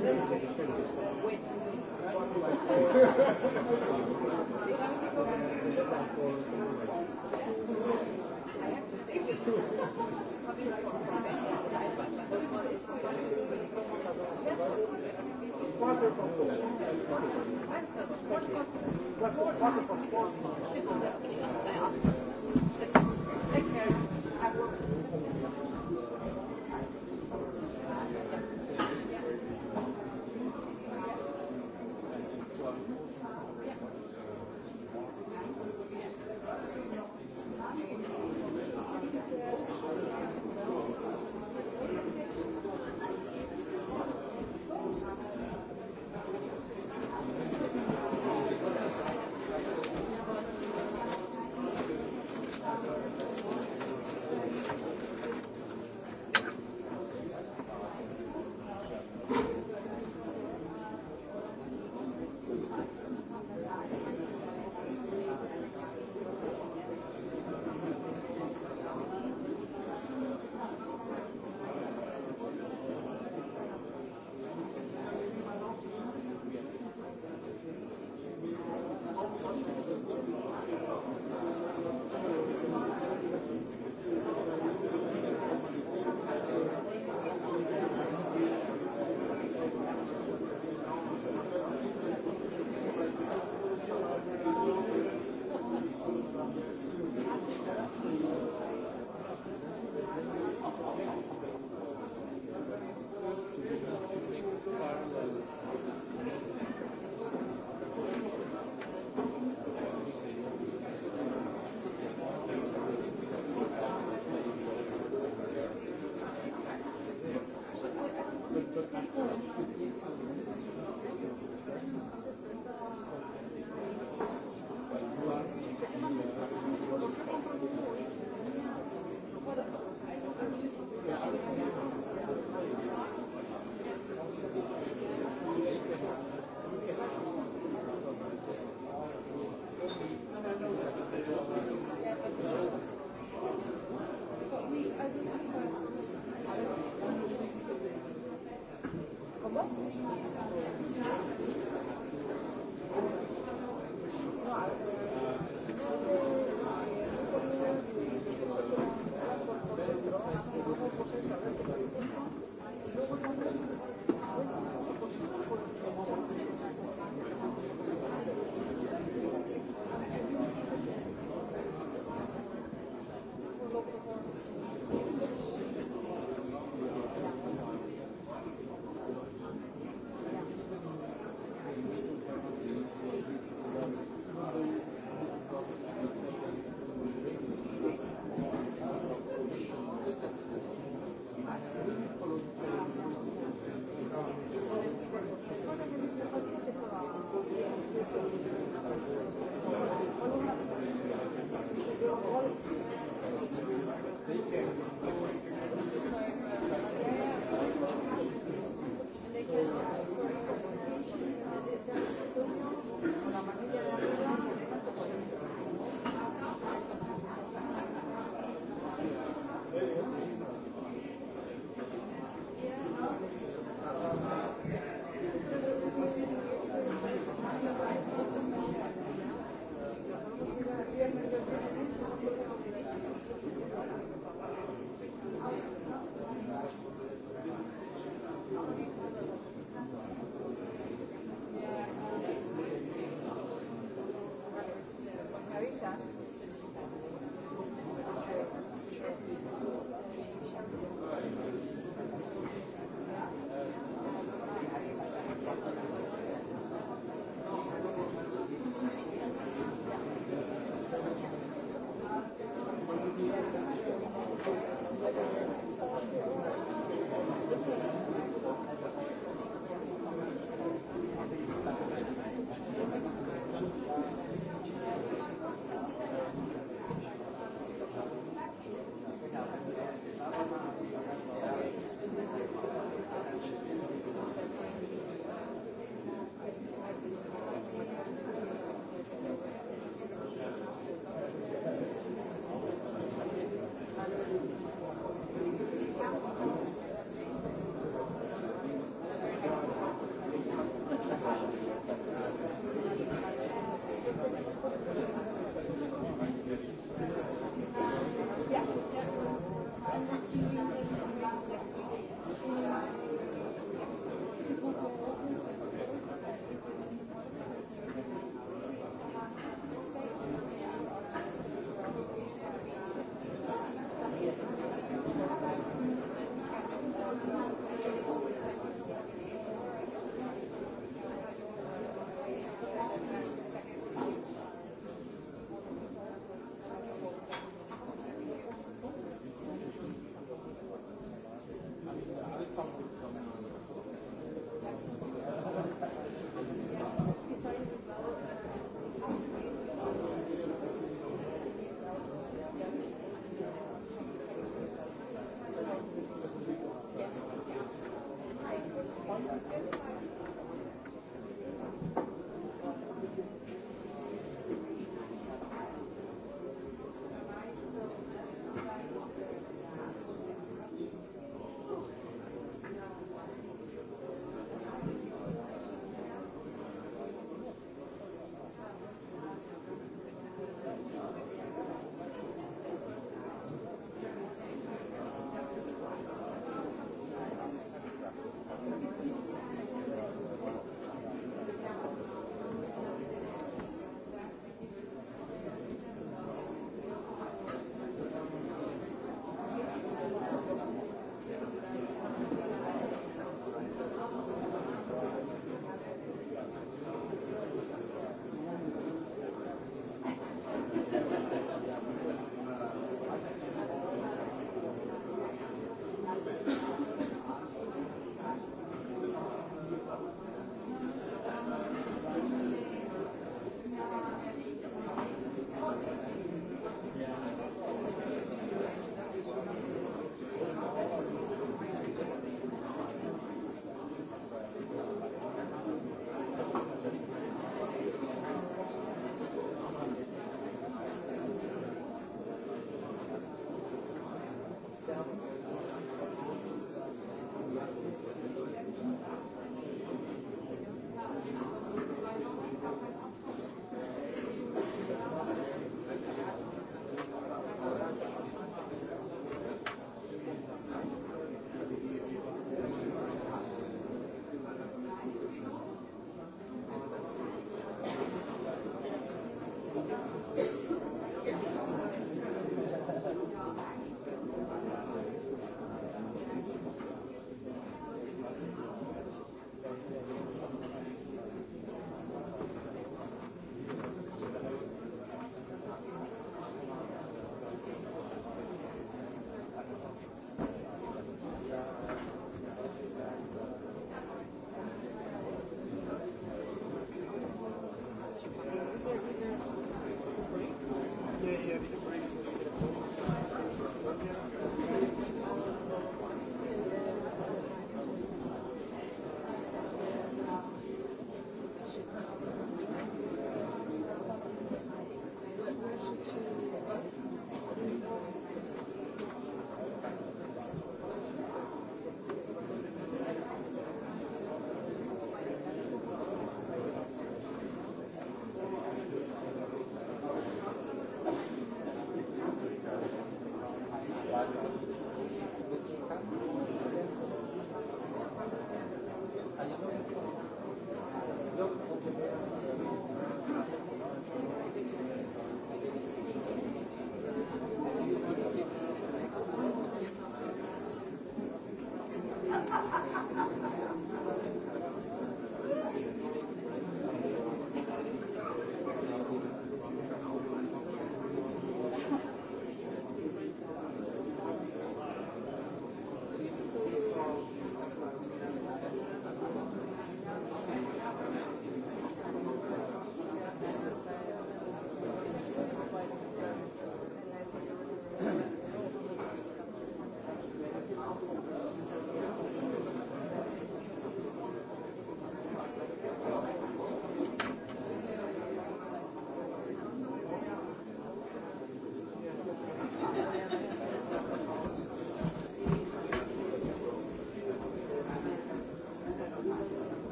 Wonderful. What's the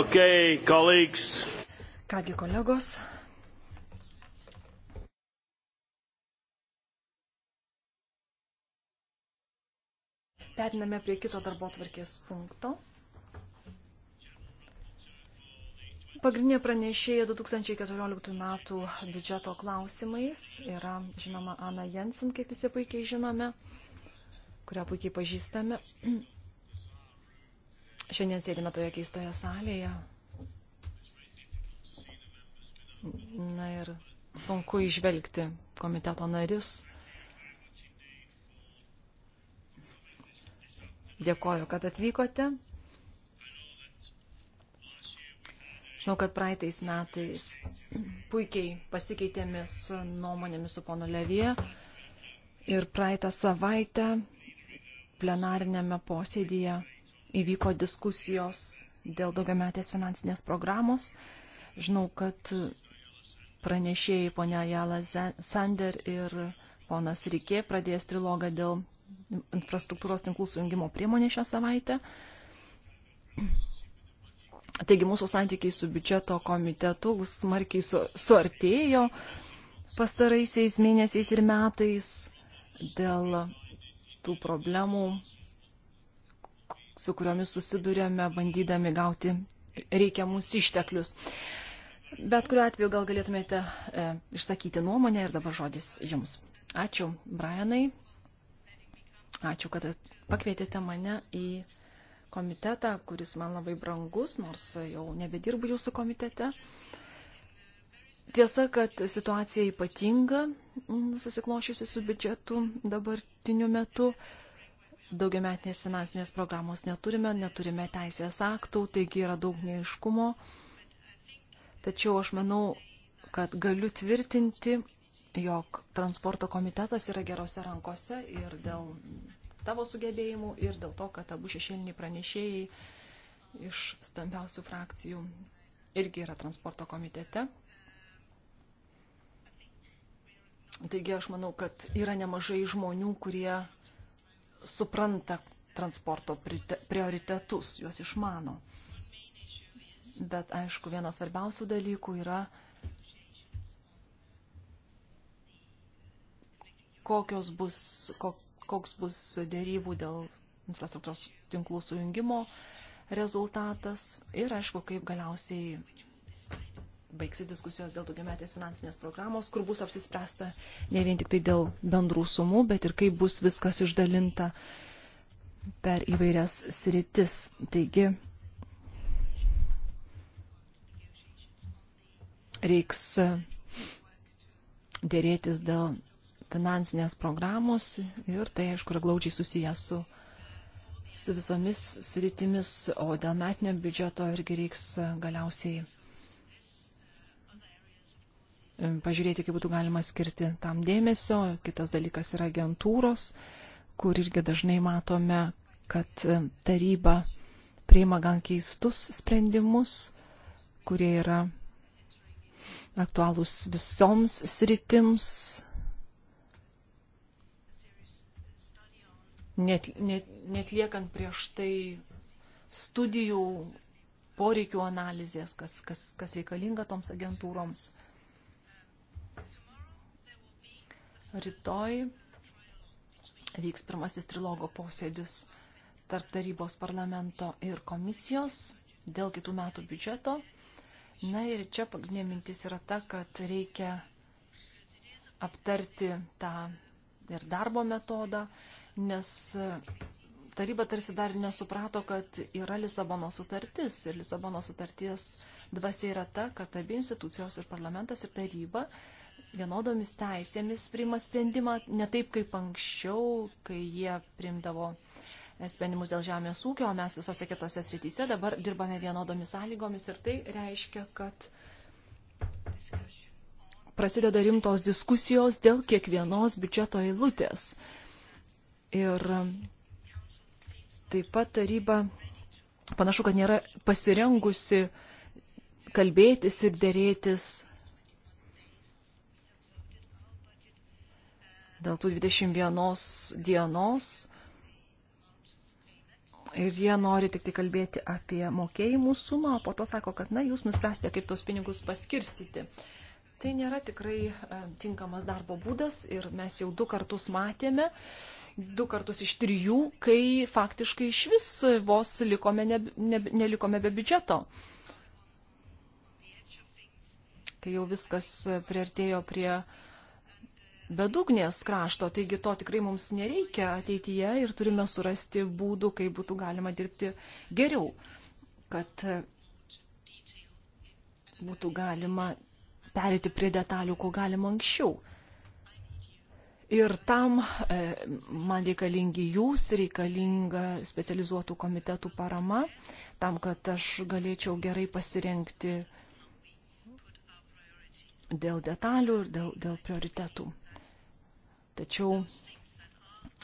Okay, colleagues. Kągi kolegos. Petiname prie kito darbo tvarkės punkto. Pagrindinė pranešėja 2014 metų biudžeto klausimais yra, žinoma, Ana Jensen, kaip visi puikiai žinome, kurią puikiai pažįstame. Šiandien sėdime toje keistoje salėje. Na ir sunku išvelgti komiteto narius. Dėkoju, kad atvykote. Žinau, kad praeitais metais puikiai pasikeitėmis nuomonėmis su ponu Levie ir praeitą savaitę plenarinėme posėdėje įvyko diskusijos dėl daugiametės finansinės programos. Žinau, kad pranešėjai ponia Jala Sander ir ponas Rikė pradės trilogą dėl infrastruktūros tinklų sujungimo priemonė šią savaitę. Taigi mūsų santykiai su biudžeto komitetu smarkiai su, suartėjo pastaraisiais mėnesiais ir metais dėl tų problemų, su kuriomis susidurėme, bandydami gauti reikiamus išteklius. Bet kuriuo atveju gal galėtumėte e, išsakyti nuomonę ir dabar žodis jums. Ačiū, Brianai. Ačiū, kad pakvietėte mane į komitetą, kuris man labai brangus, nors jau nebedirbu jūsų komitete. Tiesa, kad situacija ypatinga susiklošiusi su biudžetu dabartiniu metu. E, daugiametinės finansinės programos neturime, neturime teisės aktų, taigi yra daug neiškumo. Tačiau aš manau, kad galiu tvirtinti, jog transporto komitetas yra gerose rankose ir dėl tavo sugebėjimų, ir dėl to, kad abu šešėliniai pranešėjai iš stambiausių frakcijų irgi yra transporto komitete. Taigi aš manau, kad yra nemažai žmonių, kurie supranta transporto prioritetus, juos išmano. Bet aišku, vienas svarbiausių dalykų yra, kokios bus, koks bus dėrybų dėl infrastruktūros tinklų sujungimo rezultatas ir, aišku, kaip galiausiai baigsis diskusijos dėl daugiametės finansinės programos, kur bus apsispręsta ne vien tik tai dėl bendrų sumų, bet ir kaip bus viskas išdalinta per įvairias sritis. Taigi reiks dėrėtis dėl finansinės programos ir tai, aišku, yra glaudžiai susijęs su su visomis sritimis, o dėl metinio biudžeto irgi reiks galiausiai pažiūrėti, kaip būtų galima skirti tam dėmesio. Kitas dalykas yra agentūros, kur irgi dažnai matome, kad e, taryba priima gan keistus sprendimus, kurie yra aktualūs visoms sritims, net, net, netliekant prieš tai studijų poreikių analizės, kas, kas, kas reikalinga toms agentūroms. Rytoj vyks pirmasis trilogo posėdis tarp tarybos parlamento ir komisijos dėl kitų metų biudžeto. Na ir čia pagrindinė mintis yra ta, kad reikia aptarti tą ir darbo metodą, nes taryba tarsi dar nesuprato, kad yra Lisabono sutartis ir Lisabono sutarties dvasia yra ta, kad abi institucijos ir parlamentas ir taryba vienodomis teisėmis priima sprendimą, ne taip kaip anksčiau, kai jie primdavo sprendimus dėl žemės ūkio, o mes visose kitose srityse dabar dirbame vienodomis sąlygomis ir tai reiškia, kad prasideda rimtos diskusijos dėl kiekvienos biudžeto eilutės. Ir taip pat taryba panašu, kad nėra pasirengusi kalbėtis ir dėrėtis dėl tų 21 dienos. Ir jie nori tik tai kalbėti apie mokėjimų sumą, o po to sako, kad na, jūs nuspręsite, kaip tos pinigus paskirstyti. Tai nėra tikrai e, tinkamas darbo būdas ir mes jau du kartus matėme, du kartus iš trijų, kai faktiškai iš vis vos likome ne, ne, nelikome be biudžeto. Kai jau viskas priartėjo prie uh, bedugnės krašto, taigi to tikrai mums nereikia ateityje ir turime surasti būdų, kaip būtų galima dirbti geriau, kad būtų galima perėti prie detalių, ko galima anksčiau. Ir tam e, man reikalingi jūs, reikalinga specializuotų komitetų parama, tam, kad aš galėčiau gerai pasirengti dėl detalių ir dėl, dėl prioritetų. Tačiau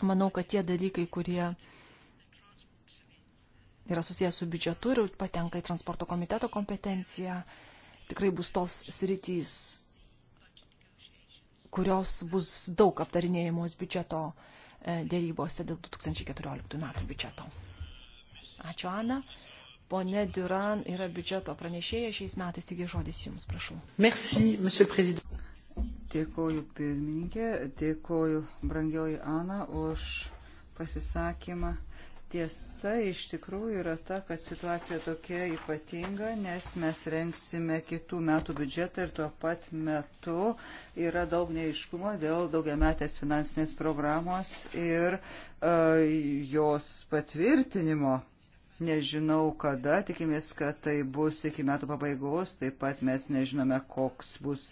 manau, kad tie dalykai, kurie yra susijęs su biudžetu ir patenka į transporto komiteto kompetenciją, tikrai bus tos sritys, kurios bus daug aptarinėjimos biudžeto e, dėrybose dėl 2014 metų biudžeto. Ačiū, Ana. Pone Duran yra biudžeto pranešėja šiais metais, taigi žodis Jums, prašau. Merci, Dėkoju pirmininkė, dėkoju brangioji Ana už pasisakymą. Tiesa iš tikrųjų yra ta, kad situacija tokia ypatinga, nes mes renksime kitų metų biudžetą ir tuo pat metu yra daug neiškumo dėl daugiametės finansinės programos ir uh, jos patvirtinimo. Nežinau kada, tikimės, kad tai bus iki metų pabaigos, taip pat mes nežinome, koks bus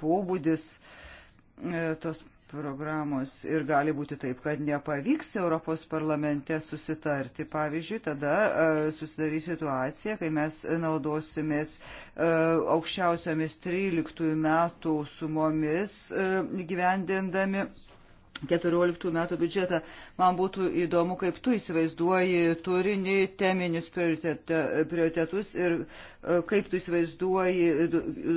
pobūdis e, tos programos ir gali būti taip, kad nepavyks Europos parlamente susitarti. Pavyzdžiui, tada e, susidarys situacija, kai mes naudosimės e, aukščiausiomis 13 metų sumomis gyvendindami 14 metų biudžetą. Man būtų įdomu, kaip tu įsivaizduoji turinį, teminius prioritetus ir e, kaip tu įsivaizduoji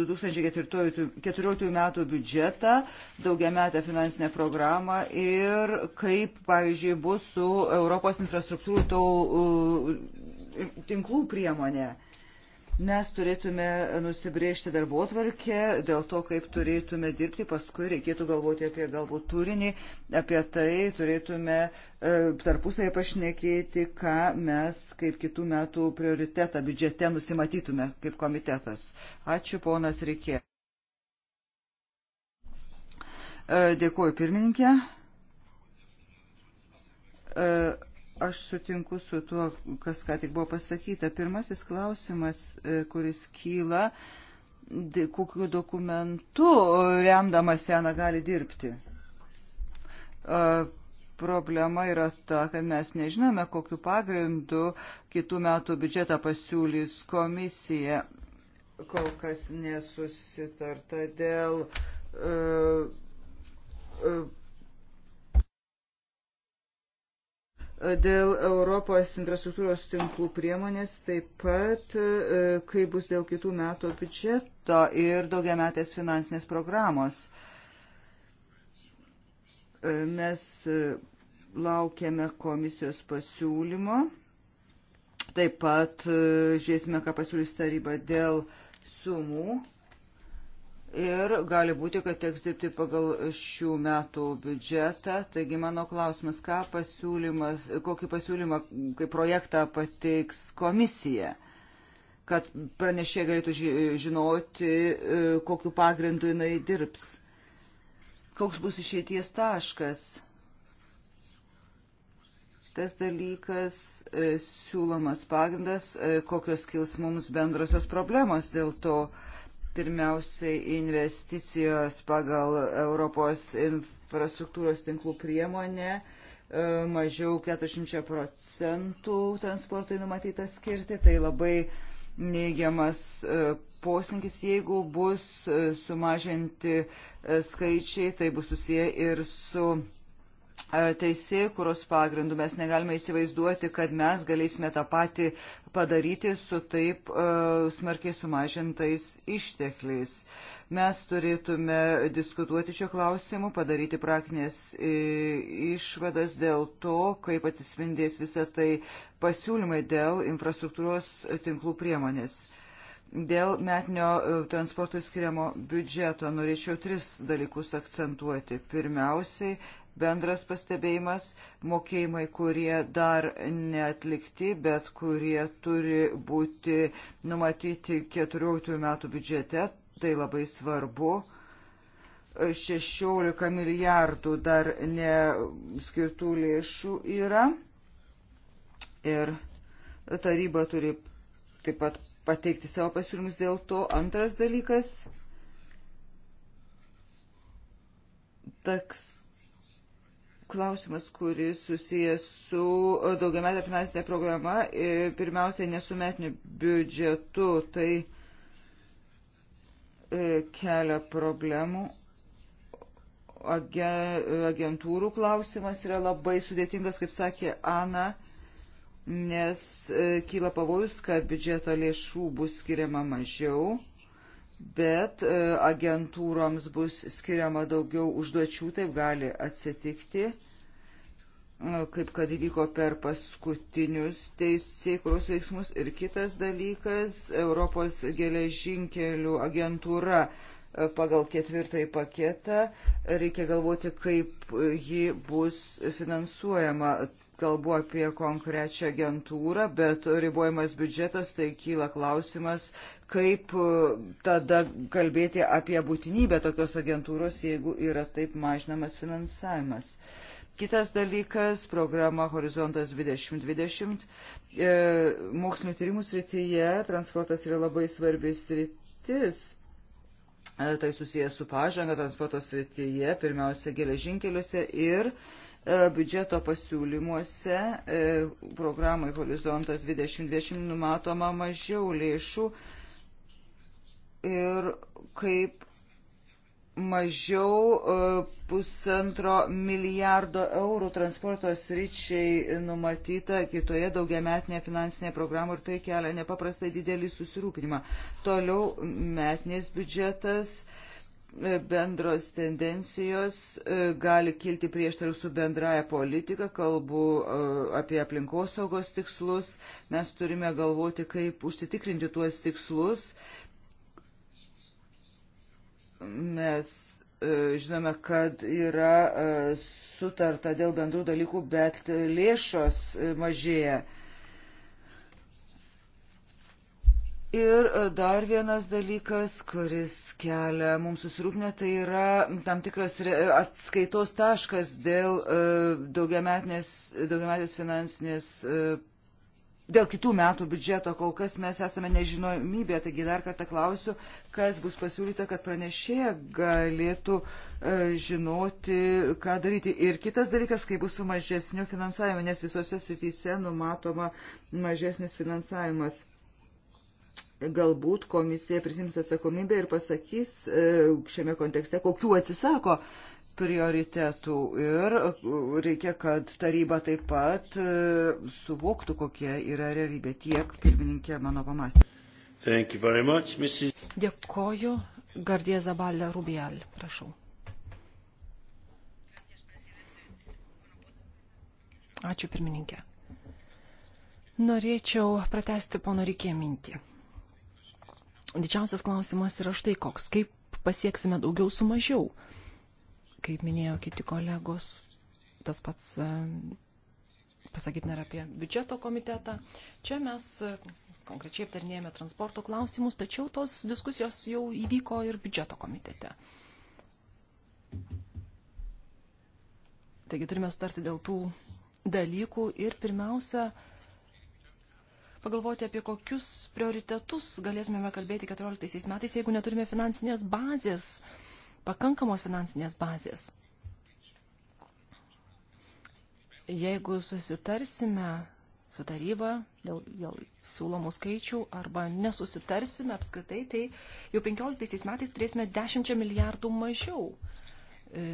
2014 metų biudžetą, daugiametę finansinę programą ir kaip, pavyzdžiui, bus su Europos infrastruktūrų tau, tinklų priemonė. Mes turėtume nusibriežti darbo tvarkę dėl to, kaip turėtume dirbti, paskui reikėtų galvoti apie galbūt turinį, apie tai turėtume e, tarpusai pašnekėti, ką mes kaip kitų metų prioritetą biudžete nusimatytume kaip komitetas. Ačiū, ponas Rikė. E, dėkuoju pirmininkė. E, Aš sutinku su tuo, kas ką tik buvo pasakyta. Pirmasis klausimas, e, kuris kyla, kokiu dokumentu remdamas seną gali dirbti. E, problema yra ta, kad mes nežinome, kokiu pagrindu kitų metų biudžetą pasiūlys komisija. Kol kas nesusitarta dėl. Uh, uh, Dėl Europos infrastruktūros tinklų priemonės taip pat, e, kai bus dėl kitų metų biudžeto ir daugiametės finansinės programos. E, mes e, laukiame komisijos pasiūlymo. Taip pat žiūrėsime, ką pasiūlys taryba dėl sumų ir gali būti, kad teks dirbti pagal šių metų biudžetą. Taigi mano klausimas, pasiūlymas, kokį pasiūlymą, kaip projektą pateiks komisija, kad pranešė galėtų žinoti, e, kokiu pagrindu jinai dirbs. Koks bus išeities taškas? tas dalykas, e, siūlomas pagrindas, e, kokios kils mums bendrosios problemos dėl to pirmiausiai investicijos pagal Europos infrastruktūros tinklų priemonę e, mažiau 400 procentų transportui numatyta skirti, tai labai neigiamas e, poslinkis, jeigu bus e, sumažinti skaičiai, tai bus susiję ir su E, teisėkuros pagrindų. Mes negalime įsivaizduoti, kad mes galėsime tą patį padaryti su taip uh, smarkiai sumažintais ištekliais. Mes turėtume diskutuoti šio klausimu, padaryti praktinės e, išvadas dėl to, kaip atsispindės visą tai pasiūlymai dėl infrastruktūros tinklų priemonės. Dėl metinio transportui skiriamo biudžeto norėčiau tris dalykus akcentuoti. Pirmiausiai, bendras pastebėjimas, mokėjimai, kurie dar neatlikti, bet kurie turi būti numatyti 14 metų biudžete, tai labai svarbu. 16 milijardų dar neskirtų lėšų yra ir taryba turi taip pat pateikti savo pasiūlymus dėl to. Antras dalykas, taks, klausimas, kuris susijęs su daugiametė finansinė programa, pirmiausiai nesumetiniu biudžetu, tai e, kelia problemų. Agentūrų klausimas yra labai sudėtingas, kaip sakė Ana, nes e, kyla pavojus, kad biudžeto lėšų bus skiriama mažiau bet e, agentūroms bus skiriama daugiau užduočių, taip gali atsitikti, e, kaip kad įvyko per paskutinius teisėkros veiksmus. Ir kitas dalykas - Europos geležinkelių agentūra e, pagal ketvirtąjį paketą. Reikia galvoti, kaip ji bus finansuojama kalbu apie konkrečią agentūrą, bet ribojamas biudžetas, tai kyla klausimas, kaip e, tada kalbėti apie būtinybę tokios agentūros, jeigu yra taip mažinamas finansavimas. Kitas dalykas - programa Horizontas 2020. E, mokslinio tyrimų srityje transportas yra labai svarbi sritis. E, tai susijęs su pažanga transporto srityje, pirmiausia, geležinkeliuose ir e, E, biudžeto pasiūlymuose e, programai Horizontas 2020 numatoma mažiau lėšų ir kaip mažiau e, pusantro milijardo eurų transporto sričiai numatyta kitoje daugiametinėje finansinėje programoje ir tai kelia nepaprastai didelį susirūpinimą. Toliau metinis biudžetas bendros tendencijos e, gali kilti prieštarų su bendraja politika, kalbu e, apie aplinkosaugos tikslus, mes turime galvoti, kaip užsitikrinti tuos tikslus. Mes e, žinome, kad yra sutarta dėl bendrų dalykų, bet lėšos mažėja. Ir e, dar vienas dalykas, kuris kelia mums susirūpinę, tai yra tam tikras atskaitos taškas dėl e, daugiametės, daugiametės finansinės, e, dėl kitų metų biudžeto. Kol kas mes esame nežinomybė, taigi dar kartą klausiu, kas bus pasiūlyta, kad pranešėja galėtų žinoti, ką daryti. Ir kitas dalykas, kai bus su mažesniu finansavimu, nes visose srityse numatoma mažesnis finansavimas galbūt komisija prisims atsakomybę ir pasakys e, šiame kontekste, kokiu atsisako prioritetų ir e, reikia, kad taryba taip pat e, suvoktų, kokia yra realybė tiek pirmininkė mano pamastė. Dėkoju. Gardė Zabalė Rubial, prašau. Ačiū pirmininkė. Norėčiau pratesti pono Rikė mintį didžiausias klausimas yra štai koks, kaip pasieksime daugiau su mažiau. Kaip minėjo kiti kolegos, tas pats e, pasakytina ir apie biudžeto komitetą. Čia mes e, konkrečiai aptarnėjame transporto klausimus, tačiau tos diskusijos jau įvyko ir biudžeto komitete. Taigi turime sutarti dėl tų dalykų ir pirmiausia, pagalvoti, apie kokius prioritetus galėtumėme kalbėti 2014 metais, jeigu neturime finansinės bazės, pakankamos finansinės bazės. Jeigu susitarsime su taryba dėl, dėl siūlomų skaičių arba nesusitarsime apskritai, tai jau 15 metais turėsime 10 milijardų mažiau e,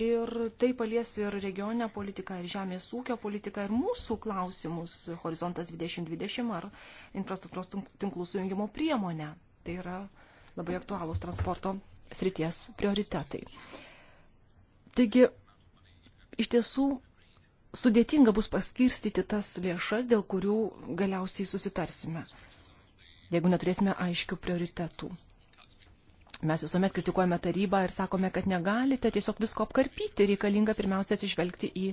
Ir tai palies ir regioninę politiką, ir žemės ūkio politiką, ir mūsų klausimus Horizontas 2020 ar infrastruktūros tinklų sujungimo priemonę. Tai yra labai aktualūs transporto srities prioritetai. Taigi, iš tiesų, sudėtinga bus paskirstyti tas lėšas, dėl kurių galiausiai susitarsime, jeigu neturėsime aiškių prioritetų. Mes visuomet kritikuojame tarybą ir sakome, kad negalite tiesiog visko apkarpyti, reikalinga pirmiausia atsižvelgti į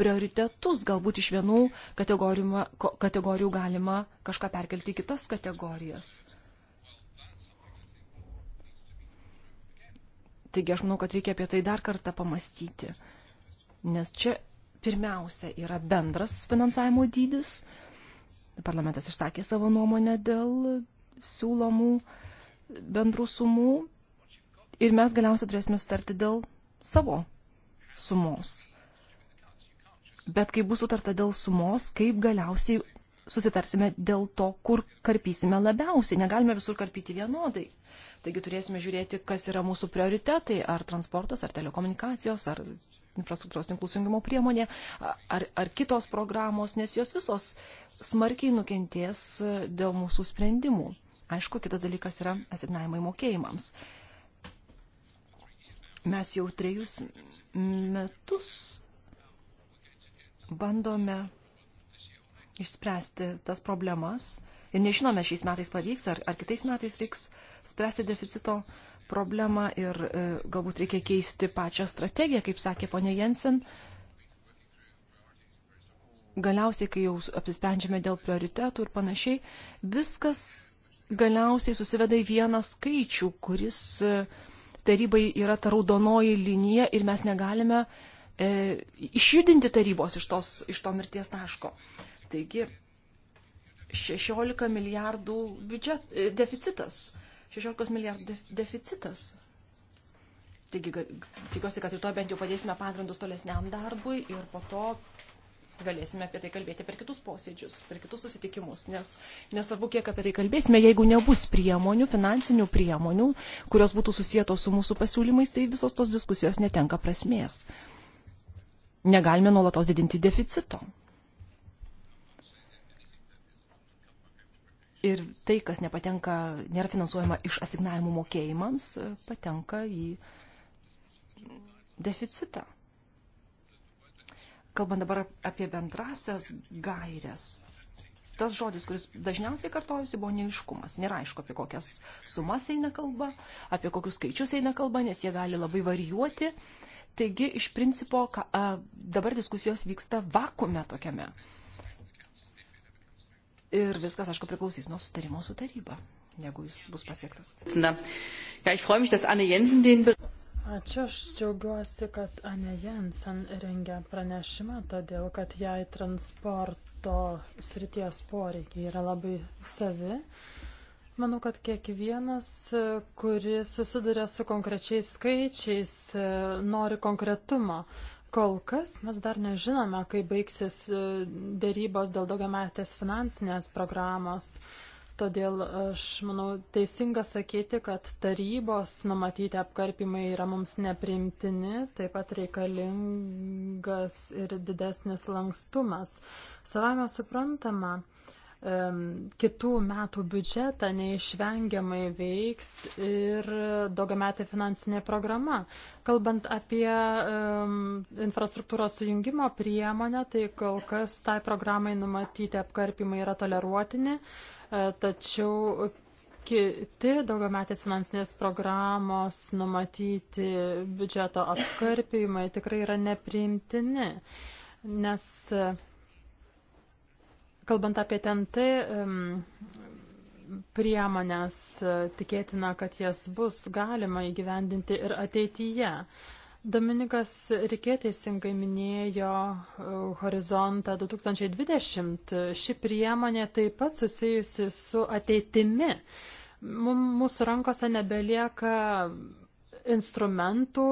prioritetus. Galbūt iš vienų kategorijų, kategorijų galima kažką perkelti į kitas kategorijas. Taigi aš manau, kad reikia apie tai dar kartą pamastyti. Nes čia pirmiausia yra bendras finansavimo dydis. Parlamentas išsakė savo nuomonę dėl siūlomų uh, bendrų sumų ir mes galiausiai turėsime sutarti dėl savo sumos. Bet kai bus sutarta dėl sumos, kaip galiausiai susitarsime dėl to, kur karpysime labiausiai. Negalime visur karpyti vienodai. Taigi turėsime žiūrėti, kas yra mūsų prioritetai, ar transportas, ar telekomunikacijos, ar infrastruktūros tinklų sujungimo priemonė, ar, ar kitos programos, nes jos visos smarkiai nukentės dėl mūsų sprendimų. Aišku, kitas dalykas yra asignavimai mokėjimams. Mes jau trejus metus bandome išspręsti tas problemas ir nežinome, šiais metais pavyks ar, ar kitais metais reiks spręsti deficito problemą ir e, galbūt reikia keisti pačią strategiją, kaip sakė ponė Jensen. Galiausiai, kai jau apsisprendžiame dėl prioritetų ir panašiai, viskas galiausiai susiveda į vieną skaičių, kuris e, tarybai yra ta raudonoji linija ir mes negalime e, išjudinti tarybos iš, tos, iš to mirties taško. Taigi 16 milijardų biudžet, e, deficitas. 16 milijardų deficitas. Taigi tikiuosi, kad rytoj bent jau padėsime pagrindus tolesniam darbui ir po to galėsime apie tai kalbėti per kitus posėdžius, per kitus susitikimus, nes nesvarbu, kiek apie tai kalbėsime, jeigu nebus priemonių, finansinių priemonių, kurios būtų susijėtos su mūsų pasiūlymais, tai visos tos diskusijos netenka prasmės. Negalime nuolatos didinti deficito. Ir tai, kas nepatenka, nėra finansuojama iš asignavimų mokėjimams, patenka į deficitą. Kalbant dabar apie bendrasias gairias, tas žodis, kuris dažniausiai kartojusi, buvo neiškumas. Nėra aišku, apie kokias sumas eina kalba, apie kokius skaičius eina kalba, nes jie gali labai varijuoti. Taigi, iš principo, ka, a, dabar diskusijos vyksta vakume tokiame. Ir viskas, aišku, priklausys nuo sutarimo su taryba, jeigu jis bus pasiektas. Na, ja, ich freue mich, dass Anne Jensen den. Ačiū, aš džiaugiuosi, kad Ane Jensen rengia pranešimą, todėl kad jai transporto srities poreikiai yra labai savi. Manau, kad kiekvienas, kuris susiduria su konkrečiais skaičiais, nori konkretumo. Kol kas mes dar nežinome, kai baigsis e, dėrybos dėl daugiametės finansinės programos. Todėl aš manau teisinga sakyti, kad tarybos numatyti apkarpimai yra mums neprimtini, taip pat reikalingas ir didesnis lankstumas. Savame suprantama, kitų metų biudžetą neišvengiamai veiks ir daugiametė finansinė programa. Kalbant apie um, infrastruktūros sujungimo priemonę, tai kol kas tai programai numatyti apkarpimai yra toleruotini. Uh, E, tačiau kiti daugiametės finansinės programos numatyti biudžeto apkarpimai tikrai yra nepriimtini, nes e, kalbant apie TNT priemonės, e, tikėtina, kad jas bus galima įgyvendinti ir ateityje. Dominikas Rikė teisingai minėjo e, horizontą 2020. Ši priemonė taip pat susijusi su ateitimi. Mūsų rankose nebelieka instrumentų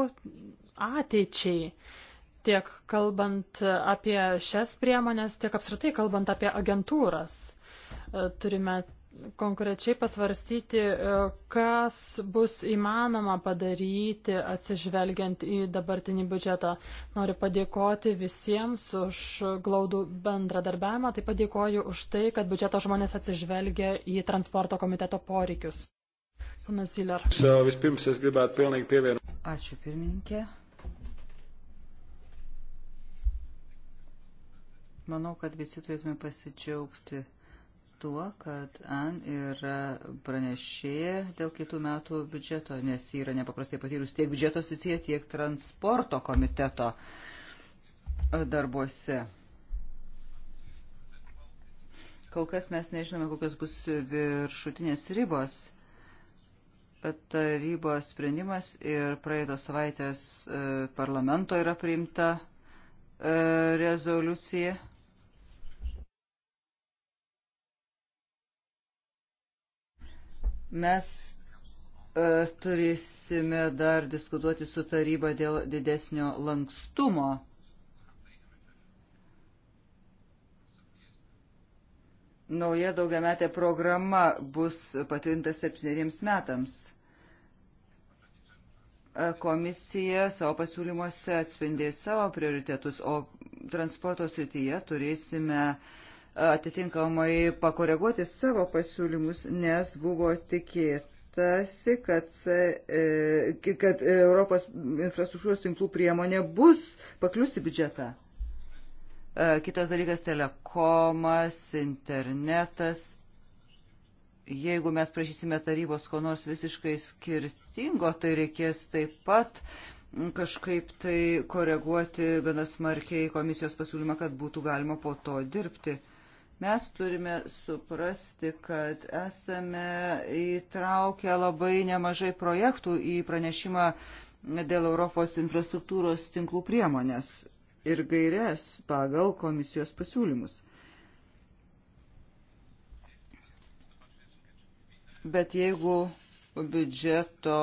ateičiai. Tiek kalbant apie šias priemonės, tiek apskritai kalbant apie agentūras. E, turime konkrečiai pasvarstyti, e, kas bus įmanoma padaryti atsižvelgiant į dabartinį biudžetą. Noriu padėkoti visiems už glaudų bendradarbiavimą, taip padėkoju už tai, kad biudžeto žmonės atsižvelgia į transporto komiteto poreikius. Panas Ziller. Ačiū pirmininkė. Manau, kad visi turėtume pasidžiaugti tuo, kad An yra pranešėja dėl kitų metų biudžeto, nes yra nepaprastai patyrus tiek biudžeto srityje, tiek transporto komiteto darbuose. Kol kas mes nežinome, kokios bus viršutinės ribos tarybos sprendimas ir praeito savaitės e, parlamento yra priimta e, rezoliucija Mes e, turėsime dar diskutuoti su taryba dėl didesnio lankstumo. Nauja daugiametė programa bus patvirtinta septyneriems metams. E, komisija savo pasiūlymuose atspindės savo prioritetus, o transporto srityje turėsime uh, atitinkamai pakoreguoti savo pasiūlymus, nes buvo tikėtasi, kad, e, kad Europos infrastruktūros tinklų priemonė bus pakliusi biudžetą. E, kitas dalykas - telekomas, internetas. Jeigu mes prašysime tarybos ko nors visiškai skirtingo, tai reikės taip pat kažkaip tai koreguoti ganas smarkiai komisijos pasiūlymą, kad būtų galima po to dirbti. Mes turime suprasti, kad esame įtraukę labai nemažai projektų į pranešimą dėl Europos infrastruktūros tinklų priemonės ir gairias pagal komisijos pasiūlymus. Bet jeigu biudžeto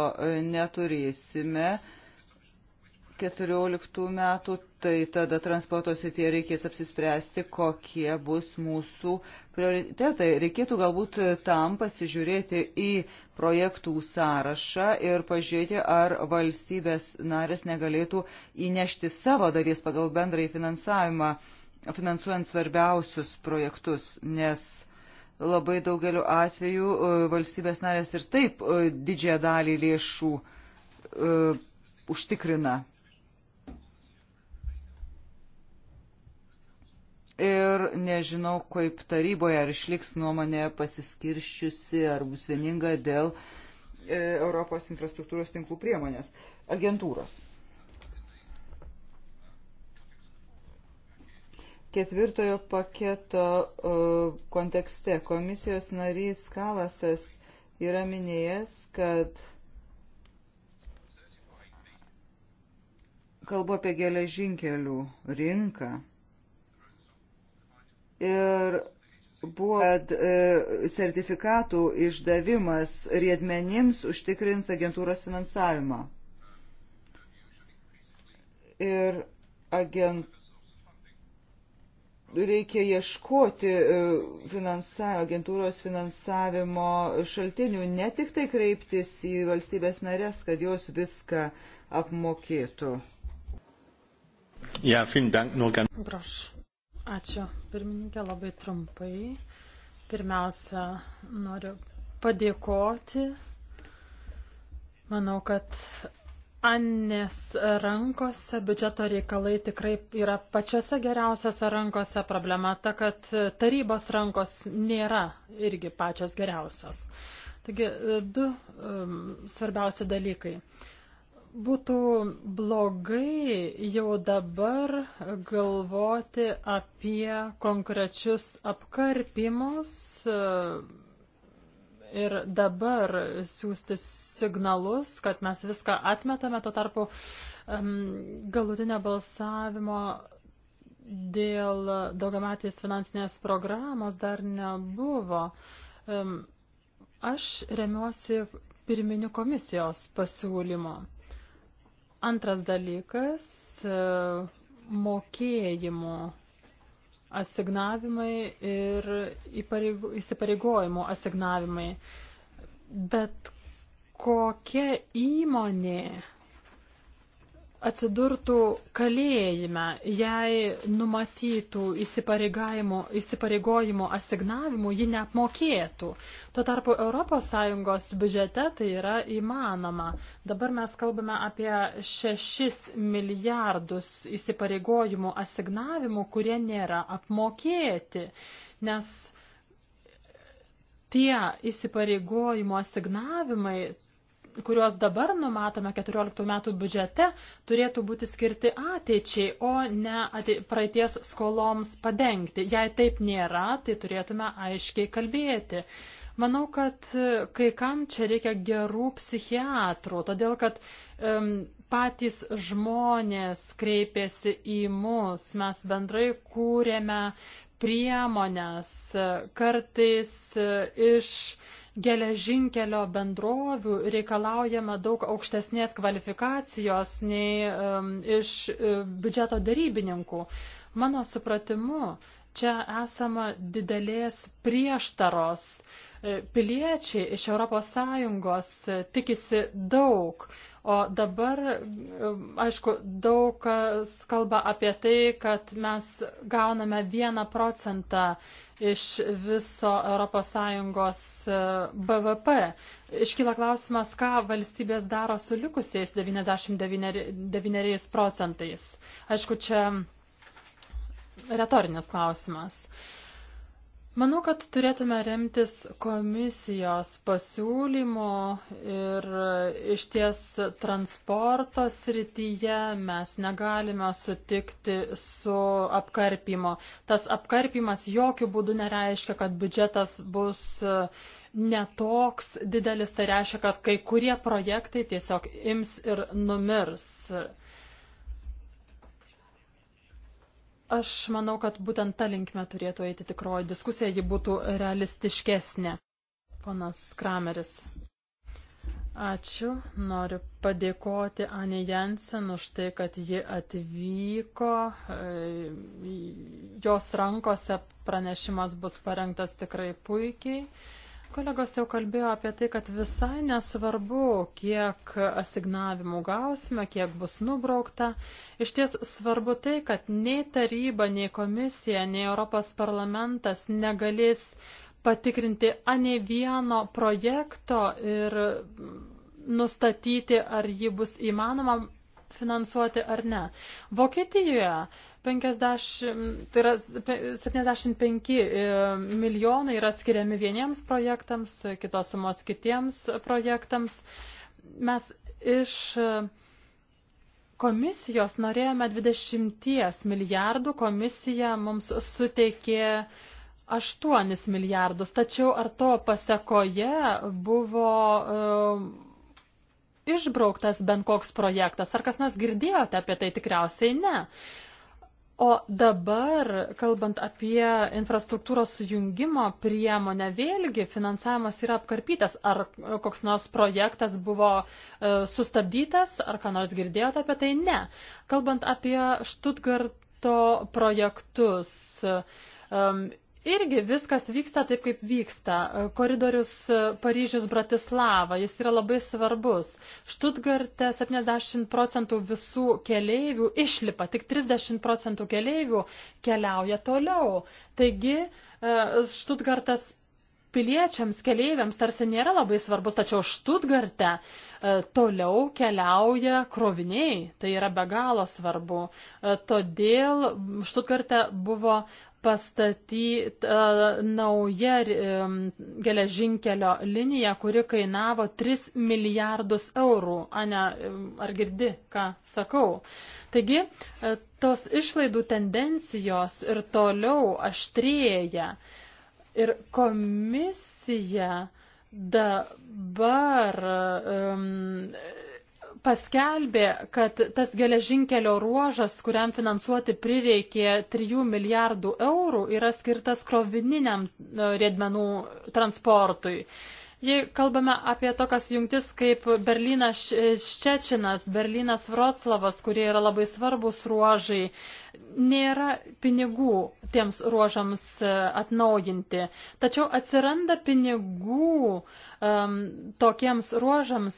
neturėsime 14 metų, tai tada transporto srityje reikės apsispręsti, kokie bus mūsų prioritetai. Reikėtų galbūt tam pasižiūrėti į projektų sąrašą ir pažiūrėti, ar valstybės narės negalėtų įnešti savo dalies pagal bendrąjį finansavimą, finansuojant svarbiausius projektus, nes labai daugeliu atveju e, valstybės narės ir taip e, didžiąją dalį lėšų uh, užtikrina ir nežinau, kaip taryboje ar išliks nuomonė pasiskirščiusi ar bus vieninga dėl e, Europos infrastruktūros tinklų priemonės agentūros. Ketvirtojo paketo e, kontekste komisijos narys Kalasas yra minėjęs, kad kalbu apie geležinkelių rinką ir buvo, kad e, sertifikatų išdavimas riedmenims užtikrins agentūros finansavimą. Ir agent... reikia ieškoti e, finansa... agentūros finansavimo šaltinių, ne tik tai kreiptis į valstybės narės, kad jos viską apmokėtų. Ja, vielen Dank, nur ganz. Brosch. Ačiū. Pirmininkė, labai trumpai. Pirmiausia, noriu padėkoti. Manau, kad Annės rankose biudžeto reikalai tikrai yra pačiose geriausiose rankose. Problema ta, kad tarybos rankos nėra irgi pačios geriausios. Taigi, du um, svarbiausi dalykai. Uh, būtų blogai jau dabar galvoti apie konkrečius apkarpimus e, ir dabar siūsti signalus, kad mes viską atmetame, tuo tarpu galutinio balsavimo dėl daugiametės finansinės programos dar nebuvo. Aš remiuosi pirminiu komisijos pasiūlymu. Antras dalykas e, - mokėjimo asignavimai ir įsipareigojimo asignavimai. Bet kokia įmonė atsidurtų kalėjime, jei numatytų įsipareigojimo asignavimų, ji neapmokėtų. Tuo tarpu ES biudžete tai yra įmanoma. Dabar mes kalbame apie 6 milijardus įsipareigojimų asignavimų, kurie nėra apmokėti, nes tie įsipareigojimo asignavimai kuriuos dabar numatome 14 metų biudžete, turėtų būti skirti ateičiai, o ne atei, praeities skoloms padengti. Jei taip nėra, tai turėtume aiškiai kalbėti. Manau, kad e, kai kam čia reikia gerų psichiatrų, todėl kad um, patys žmonės kreipėsi į mus, mes bendrai kūrėme priemonės, e, kartais e, iš uh, geležinkelio bendrovių reikalaujama daug aukštesnės kvalifikacijos nei um, iš um, biudžeto darybininkų. Mano supratimu, čia esama didelės prieštaros. E, piliečiai iš ES e, tikisi daug, o dabar, aišku, daug kas kalba apie tai, kad mes gauname vieną procentą uh, iš viso ES e, BVP. Iškyla klausimas, ką valstybės daro su likusiais 99 procentais. Aišku, čia retorinis klausimas. Uh, Manau, kad turėtume remtis komisijos pasiūlymu ir iš ties transporto srityje mes negalime sutikti su apkarpimo. Tas apkarpimas jokių būdų nereiškia, kad biudžetas bus e, netoks didelis, tai reiškia, kad kai kurie projektai tiesiog ims ir numirs. Aš manau, kad būtent ta linkme turėtų eiti tikroji diskusija, ji būtų realistiškesnė. Ponas Krameris. Ačiū. Noriu padėkoti Anė Jensen už tai, kad ji atvyko. Jos rankose pranešimas bus parengtas tikrai puikiai. Kolegos jau kalbėjo apie tai, kad visai nesvarbu, kiek asignavimų gausime, kiek bus nubraukta. Iš ties svarbu tai, kad nei taryba, nei komisija, nei Europos parlamentas negalės patikrinti ane vieno projekto ir nustatyti, ar jį bus įmanoma finansuoti ar ne. Vokietijoje 50, tai yra 75 e, milijonai yra skiriami vieniems projektams, kitos sumos kitiems projektams. Mes iš e, komisijos norėjome 20 milijardų, komisija mums suteikė 8 milijardus, tačiau ar to pasekoje buvo um, išbrauktas bent koks projektas, ar kas nors girdėjote apie tai, tikriausiai ne. Uh, O dabar, kalbant apie infrastruktūros sujungimo priemonę, vėlgi finansavimas yra apkarpytas. Ar koks nors projektas buvo e, sustabdytas, ar ką nors girdėjote apie tai? Ne. Kalbant apie Štutgarto projektus, e, irgi viskas vyksta taip, kaip vyksta. Koridorius e, Paryžius Bratislava, jis yra labai svarbus. Štutgarte 70 procentų visų keleivių išlipa, tik 30 procentų keleivių keliauja toliau. Taigi e, Štutgartas piliečiams, keleiviams tarsi nėra labai svarbus, tačiau Štutgarte e, toliau keliauja kroviniai. Tai yra be galo svarbu. Todėl Štutgarte buvo pastatyta e, nauja e, geležinkelio linija, kuri kainavo 3 milijardus eurų. Ane, e, ar girdi, ką sakau? Taigi, tos išlaidų tendencijos ir toliau aštrėja. Ir komisija dabar um, paskelbė, kad tas geležinkelio ruožas, kuriam finansuoti prireikė 3 milijardų eurų, yra skirtas krovininiam e, riedmenų transportui. Uh, Jei kalbame apie tokias jungtis kaip Berlynas Ščečinas, Berlynas Vroclavas, kurie yra labai svarbus ruožai, nėra pinigų tiems ruožams e, atnaujinti. Tačiau atsiranda pinigų um, tokiems ruožams,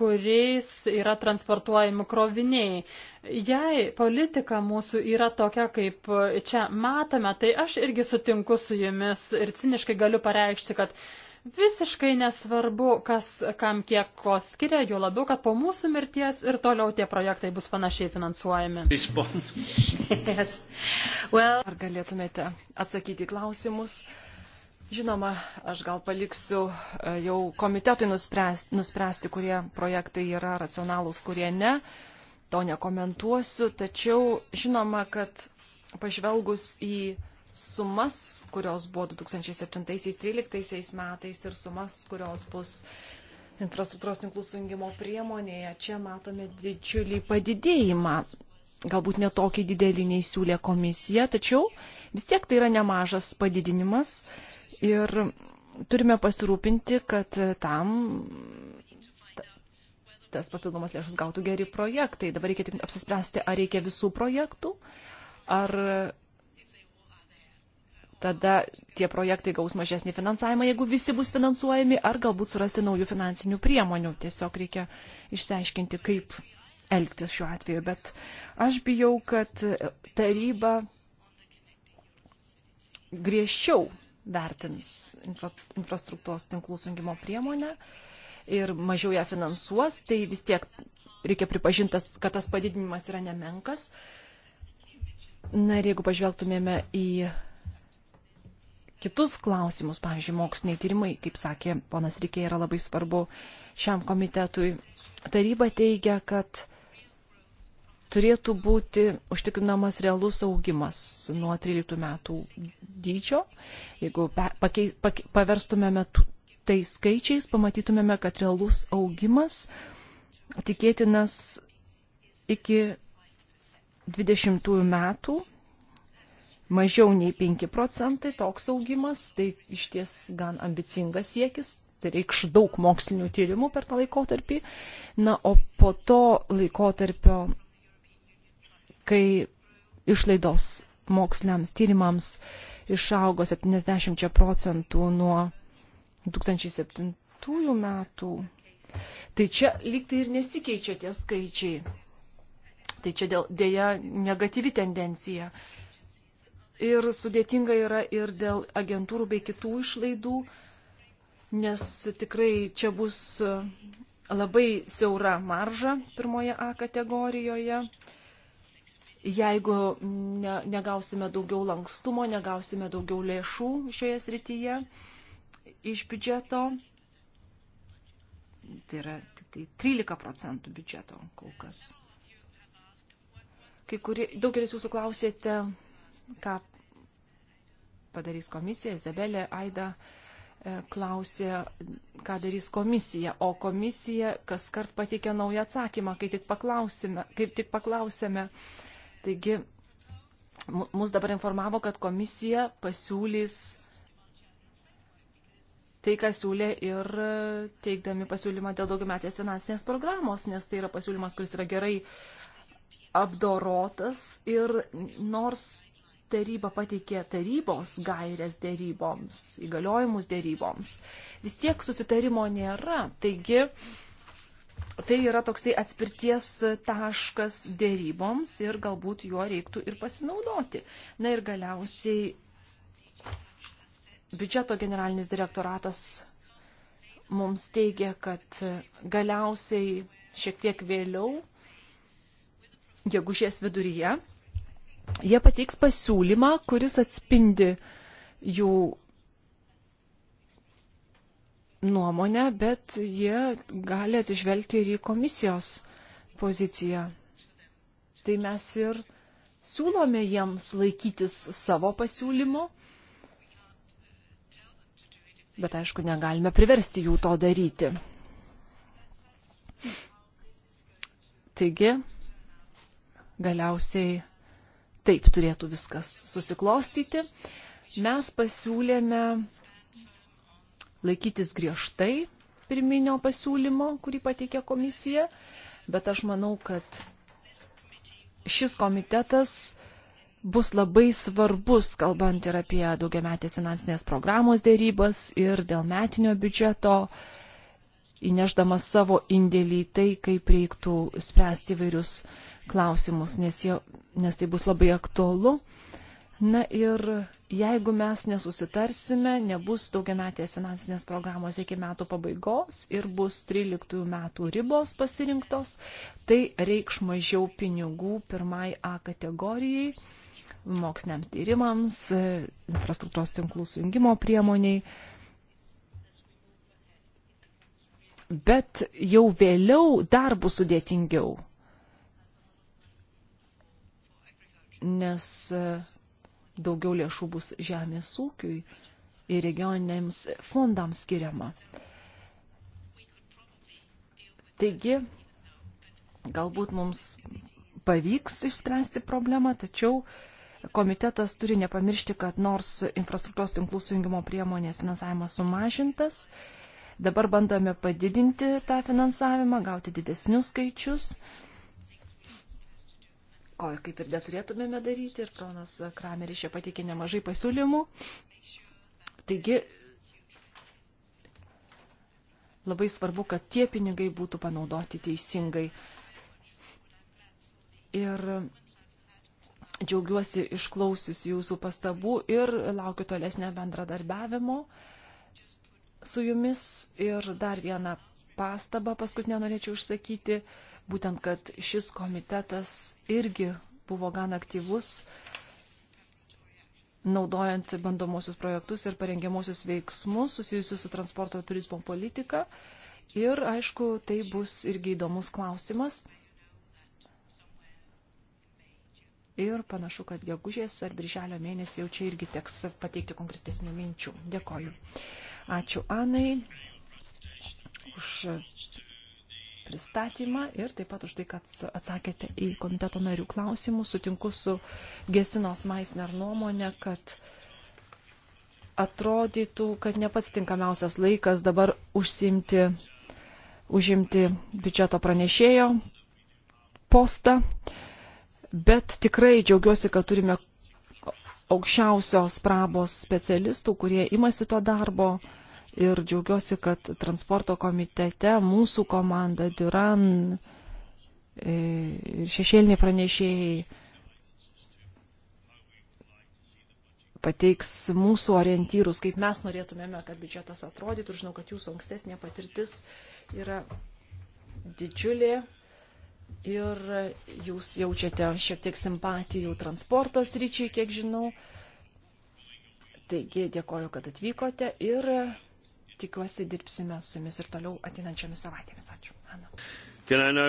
kuriais yra transportuojami kroviniai. Jei politika mūsų yra tokia, kaip čia matome, tai aš irgi sutinku su jumis ir ciniškai galiu pareikšti, kad Visiškai nesvarbu, kas kam kiek ko skiria, jo labiau, kad po mūsų mirties ir toliau tie projektai bus panašiai finansuojami. yes. well. Ar galėtumėte atsakyti klausimus? Žinoma, aš gal paliksiu e, jau komitetui nuspręsti, nuspręsti, kurie projektai yra racionalūs, kurie ne. To nekomentuosiu, tačiau žinoma, kad pažvelgus į sumas, kurios buvo 2007-2013 metais ir sumas, kurios bus infrastruktūros tinklų sujungimo priemonėje, čia matome didžiulį padidėjimą. Galbūt netokį didelį nei siūlė komisija, tačiau vis tiek tai yra nemažas padidinimas ir turime pasirūpinti, kad tam tas papildomas lėšas gautų geri projektai. Dabar reikia tik apsispręsti, ar reikia visų projektų, ar tada tie projektai gaus mažesnį finansavimą, jeigu visi bus finansuojami, ar galbūt surasti naujų finansinių priemonių. Tiesiog reikia išsiaiškinti, kaip elgtis šiuo atveju. Bet aš bijau, kad taryba griežčiau vertins infra, infrastruktūros tinklų sungimo priemonę ir mažiau ją finansuos, tai vis tiek reikia pripažintas, kad tas padidinimas yra nemenkas. Na ir jeigu pažvelgtumėme į kitus klausimus, pavyzdžiui, moksliniai tyrimai, kaip sakė ponas Rikė, yra labai svarbu šiam komitetui. Taryba teigia, kad turėtų būti užtikrinamas realus augimas nuo 13 metų dydžio. Jeigu pakei, pakei, paverstumėme tai skaičiais, pamatytumėme, kad realus augimas tikėtinas iki 20 metų mažiau nei 5 procentai toks augimas, tai iš ties gan ambicingas siekis, tai reikš daug mokslinių tyrimų per tą laikotarpį. Na, o po to laikotarpio, kai išlaidos moksliniams tyrimams išaugo 70 procentų nuo 2007 metų, tai čia lyg tai ir nesikeičia tie skaičiai. Tai čia dėl, dėja negatyvi tendencija ir sudėtinga yra ir dėl agentūrų bei kitų išlaidų, nes tikrai čia bus labai siaura marža pirmoje A kategorijoje. Jeigu ne, negausime daugiau lankstumo, negausime daugiau lėšų šioje srityje iš biudžeto, tai yra tai 13 procentų biudžeto kol kas. Kai kurie, daugelis jūsų klausėte, ką padarys komisija. Izabelė Aida e, klausė, ką darys komisija, o komisija kas kart patikė naują atsakymą, kai tik paklausime. Kaip tik paklausėme. Taigi, mus dabar informavo, kad komisija pasiūlys tai, ką siūlė ir teikdami pasiūlymą dėl daugiametės finansinės programos, nes tai yra pasiūlymas, kuris yra gerai apdorotas ir nors taryba pateikė tarybos gairės dėryboms, įgaliojimus dėryboms. Vis tiek susitarimo nėra. Taigi, tai yra toksai atspirties taškas dėryboms ir galbūt juo reiktų ir pasinaudoti. Na ir galiausiai biudžeto generalinis direktoratas mums teigia, kad galiausiai šiek tiek vėliau, gegužės viduryje, Jie pateiks pasiūlymą, kuris atspindi jų nuomonę, bet jie gali atsižvelgti ir į komisijos poziciją. Tai mes ir siūlome jiems laikytis savo pasiūlymo, bet aišku, negalime priversti jų to daryti. Taigi, galiausiai taip turėtų viskas susiklostyti. Mes pasiūlėme laikytis griežtai pirminio pasiūlymo, kurį pateikė komisija, bet aš manau, kad šis komitetas bus labai svarbus, kalbant ir apie daugiametės finansinės programos dėrybas ir dėl metinio biudžeto, įneždamas savo indėlį į tai, kaip reiktų spręsti vairius uh, klausimus, nes, jie, nes tai bus labai aktualu. Na ir jeigu mes nesusitarsime, nebus daugiametės finansinės programos iki metų pabaigos ir bus 13 metų ribos pasirinktos, tai reikš mažiau pinigų pirmai A kategorijai, moksliniams tyrimams, infrastruktūros tinklų sujungimo priemoniai. Bet jau vėliau dar bus sudėtingiau nes e, daugiau lėšų bus žemės ūkiui ir regioniniams fondams skiriama. Taigi, galbūt mums pavyks išspręsti problemą, tačiau komitetas turi nepamiršti, kad nors infrastruktūros tinklų sujungimo priemonės finansavimas sumažintas, dabar bandome padidinti tą finansavimą, gauti didesnius skaičius ko kaip ir neturėtumėme daryti, ir pronas Krameris čia pateikė nemažai pasiūlymų. Taigi, labai svarbu, kad tie pinigai būtų panaudoti teisingai. Ir džiaugiuosi išklausius jūsų pastabų ir laukiu tolesnio bendradarbiavimo su jumis. Ir dar vieną pastabą paskutinę norėčiau užsakyti. Uh, būtent, kad šis komitetas irgi buvo gan aktyvus, naudojant bandomosius projektus ir parengiamosius veiksmus susijusius su transporto turizmo politika. Ir, aišku, tai bus irgi įdomus klausimas. Ir panašu, kad gegužės ar birželio mėnesį jau čia irgi teks pateikti konkretesnių minčių. Dėkoju. Ačiū Anai už pristatymą ir taip pat už tai, kad atsakėte į komiteto narių klausimus. Sutinku su Gesinos Maisner nuomonė, kad atrodytų, kad ne pats tinkamiausias laikas dabar užsimti, užimti biudžeto pranešėjo postą, bet tikrai džiaugiuosi, kad turime aukščiausios prabos specialistų, kurie imasi to darbo ir džiaugiuosi, kad transporto komitete mūsų komanda Duran e, ir šešėliniai pranešėjai pateiks mūsų orientyrus, kaip mes norėtumėme, kad biudžetas atrodytų. Žinau, kad jūsų ankstesnė patirtis yra didžiulė ir jūs jaučiate šiek tiek simpatijų transporto sryčiai, kiek žinau. Taigi dėkoju, kad atvykote ir tikiuosi dirbsime su jumis ir toliau ateinančiomis savaitėmis. Ačiū. Ana.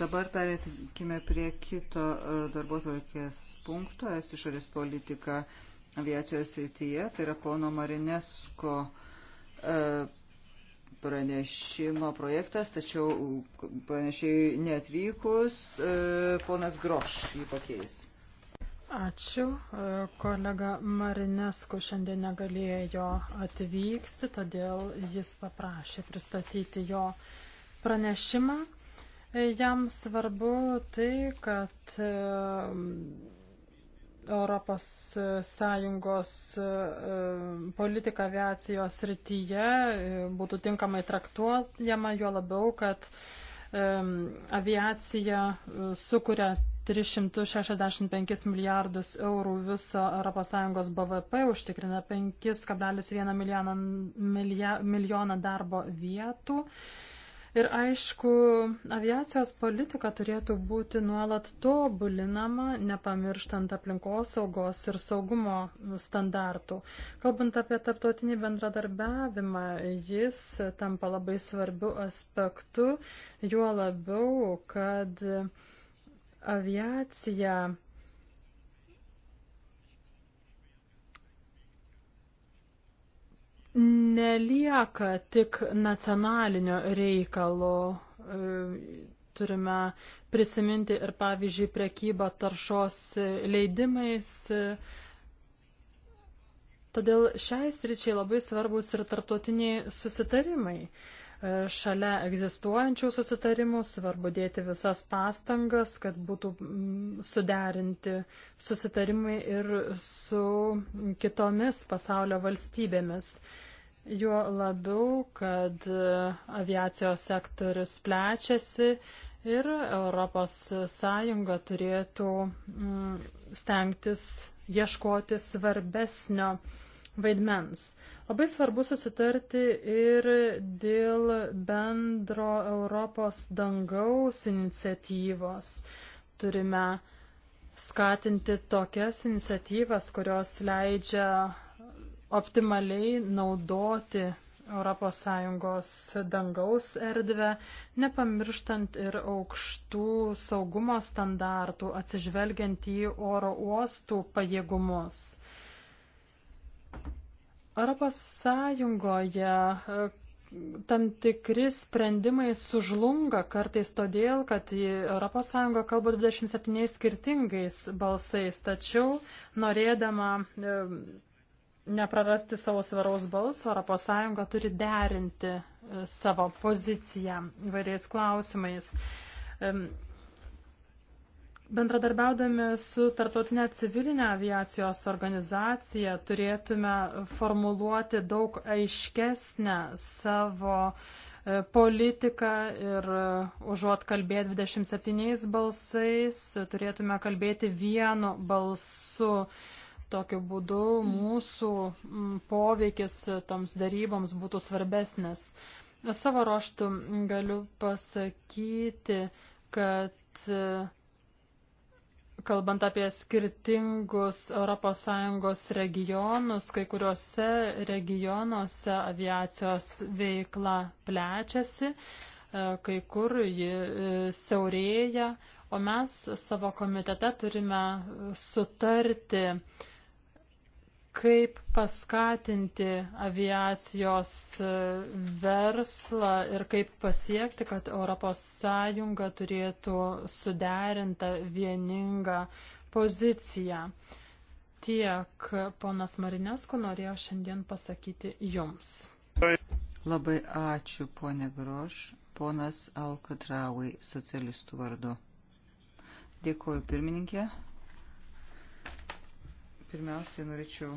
Dabar perėkime prie kito e, darbo tvarkės punkto, es išorės politika aviacijos srityje, tai yra pono Marinesko e, pranešimo projektas, tačiau pranešėjai netvykus, e, ponas Groš jį pakeis. Ačiū. Kolega Marinesku šiandien negalėjo atvykti, todėl jis paprašė pristatyti jo pranešimą. Jam svarbu tai, kad um, Europos Sąjungos um, politika aviacijos srityje um, būtų tinkamai traktuojama, juo labiaau, kad aviacija sukuria 365 milijardus eurų viso ES BVP užtikrina 5,1 milijoną, milijoną darbo vietų. Ir aišku, aviacijos politika turėtų būti nuolat tobulinama, nepamirštant aplinkosaugos ir saugumo standartų. Kalbant apie tarptautinį bendradarbiavimą, jis tampa labai svarbiu aspektu, juo labiau, kad aviacija nelieka tik nacionalinio reikalo. E, turime prisiminti ir, pavyzdžiui, prekybą taršos leidimais. E, todėl šiai sričiai labai svarbus ir tarptautiniai susitarimai šalia egzistuojančių susitarimų, svarbu dėti visas pastangas, kad būtų mm, suderinti susitarimai ir su kitomis pasaulio valstybėmis. Juo labiau, kad e, aviacijos sektorius plečiasi ir ES turėtų mm, stengtis ieškoti svarbesnio vaidmens. Labai svarbu susitarti ir dėl bendro Europos dangaus iniciatyvos. Turime skatinti tokias iniciatyvas, kurios leidžia optimaliai naudoti ES dangaus erdvę, nepamirštant ir aukštų saugumo standartų, atsižvelgiant į oro uostų pajėgumus. Europos Sąjungoje e, tam tikri sprendimai sužlunga kartais todėl, kad ES kalba 27 skirtingais balsais, tačiau norėdama e, neprarasti savo svaraus balso, ES turi derinti e, savo poziciją įvairiais klausimais. Bendradarbiaudami su Tartautinė civilinė aviacijos organizacija turėtume formuluoti daug aiškesnę savo e, politiką ir e, užuot kalbėję 27 balsais, turėtume kalbėti vienu balsu. Tokiu būdu mūsų poveikis toms daryboms būtų svarbesnis. Savo ruoštų galiu pasakyti, kad e, kalbant apie skirtingus ES regionus, kai kuriuose regionuose aviacijos veikla plečiasi, e, kai kur ji e, siaurėja, o mes savo komitete turime sutarti, kaip paskatinti aviacijos e, verslą ir kaip pasiekti, kad ES turėtų suderintą vieningą poziciją. Tiek ponas Marinesko norėjo šiandien pasakyti jums. Labai ačiū, ponė Groš, ponas Alkatraui, socialistų vardu. Dėkuoju pirmininkė. Pirmiausiai norėčiau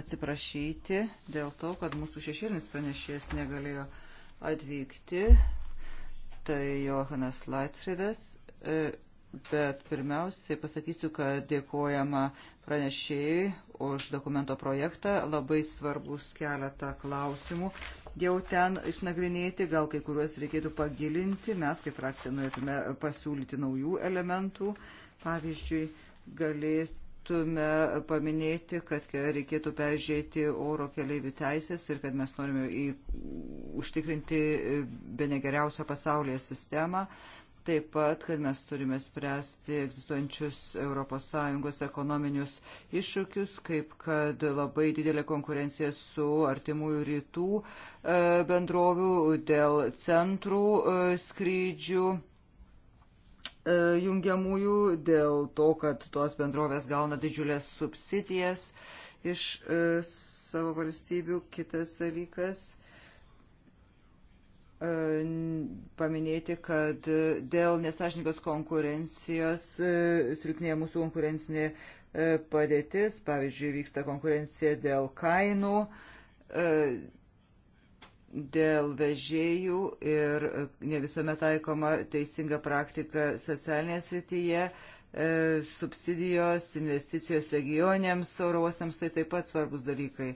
atsiprašyti dėl to, kad mūsų šešėlinis pranešėjas negalėjo atvykti. Tai Johanas Laitfridas. E, bet pirmiausiai pasakysiu, kad dėkojama pranešėjai už dokumento projektą. Labai svarbus keletą klausimų. Jau ten išnagrinėti, gal kai kuriuos reikėtų pagilinti. Mes kaip frakcija norėtume pasiūlyti naujų elementų. Pavyzdžiui, galėtume paminėti, kad reikėtų peržiūrėti oro keliaivių teisės ir kad mes norime į, užtikrinti e, be negeriausią pasaulyje sistemą. Taip pat, kad mes turime spręsti egzistuojančius ES ekonominius iššūkius, kaip kad labai didelė konkurencija su artimųjų rytų e, bendrovių dėl centrų e, skrydžių E, jungiamųjų dėl to, kad tos bendrovės gauna didžiulės subsidijas iš e, savo valstybių. Kitas dalykas e, paminėti, kad dėl nesažininkos konkurencijos silpnėja mūsų konkurencinė padėtis, pavyzdžiui, vyksta konkurencija dėl kainų dėl vežėjų ir e, ne visuomet taikoma teisinga praktika socialinėje srityje, e, subsidijos, investicijos regioniams, orovosiams, tai taip pat svarbus dalykai.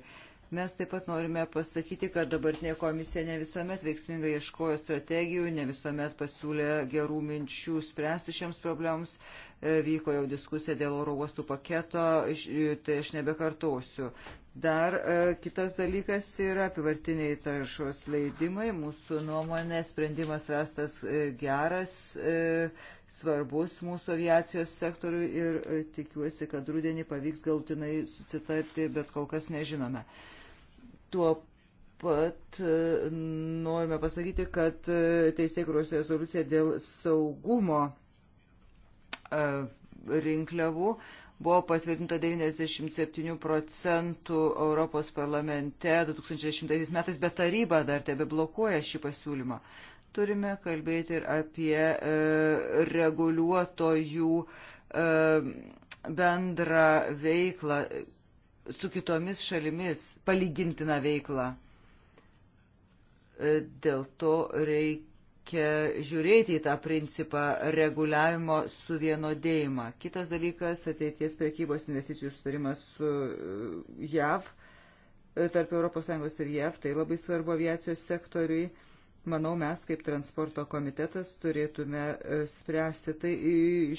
Mes taip pat norime pasakyti, kad dabartinė komisija ne visuomet veiksmingai ieškojo strategijų, ne visuomet pasiūlė gerų minčių spręsti šiems problemams. E, vyko jau diskusija dėl oro uostų paketo, tai aš nebekartosiu. Dar e, kitas dalykas yra apivartiniai taršos leidimai. Mūsų nuomonė sprendimas rastas e, geras, e, svarbus mūsų aviacijos sektoriui ir tikiuosi, kad rudenį pavyks galutinai susitarti, bet kol kas nežinome. Tuo pat norime pasakyti, kad teisėkuros rezoliucija dėl saugumo rinkliavų buvo patvirtinta 97 procentų Europos parlamente 2010 metais, bet taryba dar tebe blokuoja šį pasiūlymą. Turime kalbėti ir apie e, reguliuotojų e, bendrą veiklą su kitomis šalimis, palygintiną veiklą. E, dėl to reikia reikia žiūrėti į tą principą reguliavimo suvienodėjimą. Kitas dalykas - ateities prekybos investicijų sustarimas su e, JAV, e, tarp ES ir JAV, tai labai svarbu aviacijos sektoriui. Manau, mes kaip transporto komitetas turėtume e, spręsti tai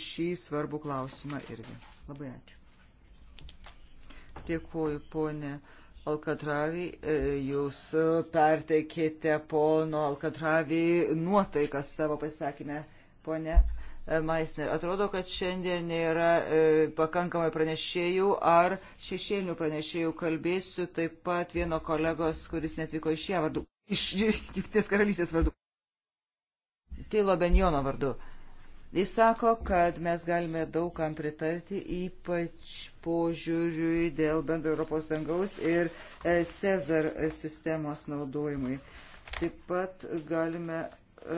šį svarbų klausimą irgi. Labai ačiū. Dėkuoju, ponė. Alkatravi, e, jūs perteikėte pono Alkatravi nuotaikas savo pasisakymę, ponė e, Maisner. Atrodo, kad šiandien nėra e, pakankamai pranešėjų ar šešėlinių pranešėjų. Kalbėsiu taip pat vieno kolegos, kuris netvyko iš ją vardu, iš Junktinės karalystės vardu. Tilo Benjono vardu. Jis sako, kad mes galime daugam pritarti, ypač požiūriui dėl bendro Europos dangaus ir e, Cezar sistemos naudojimui. Taip pat galime e,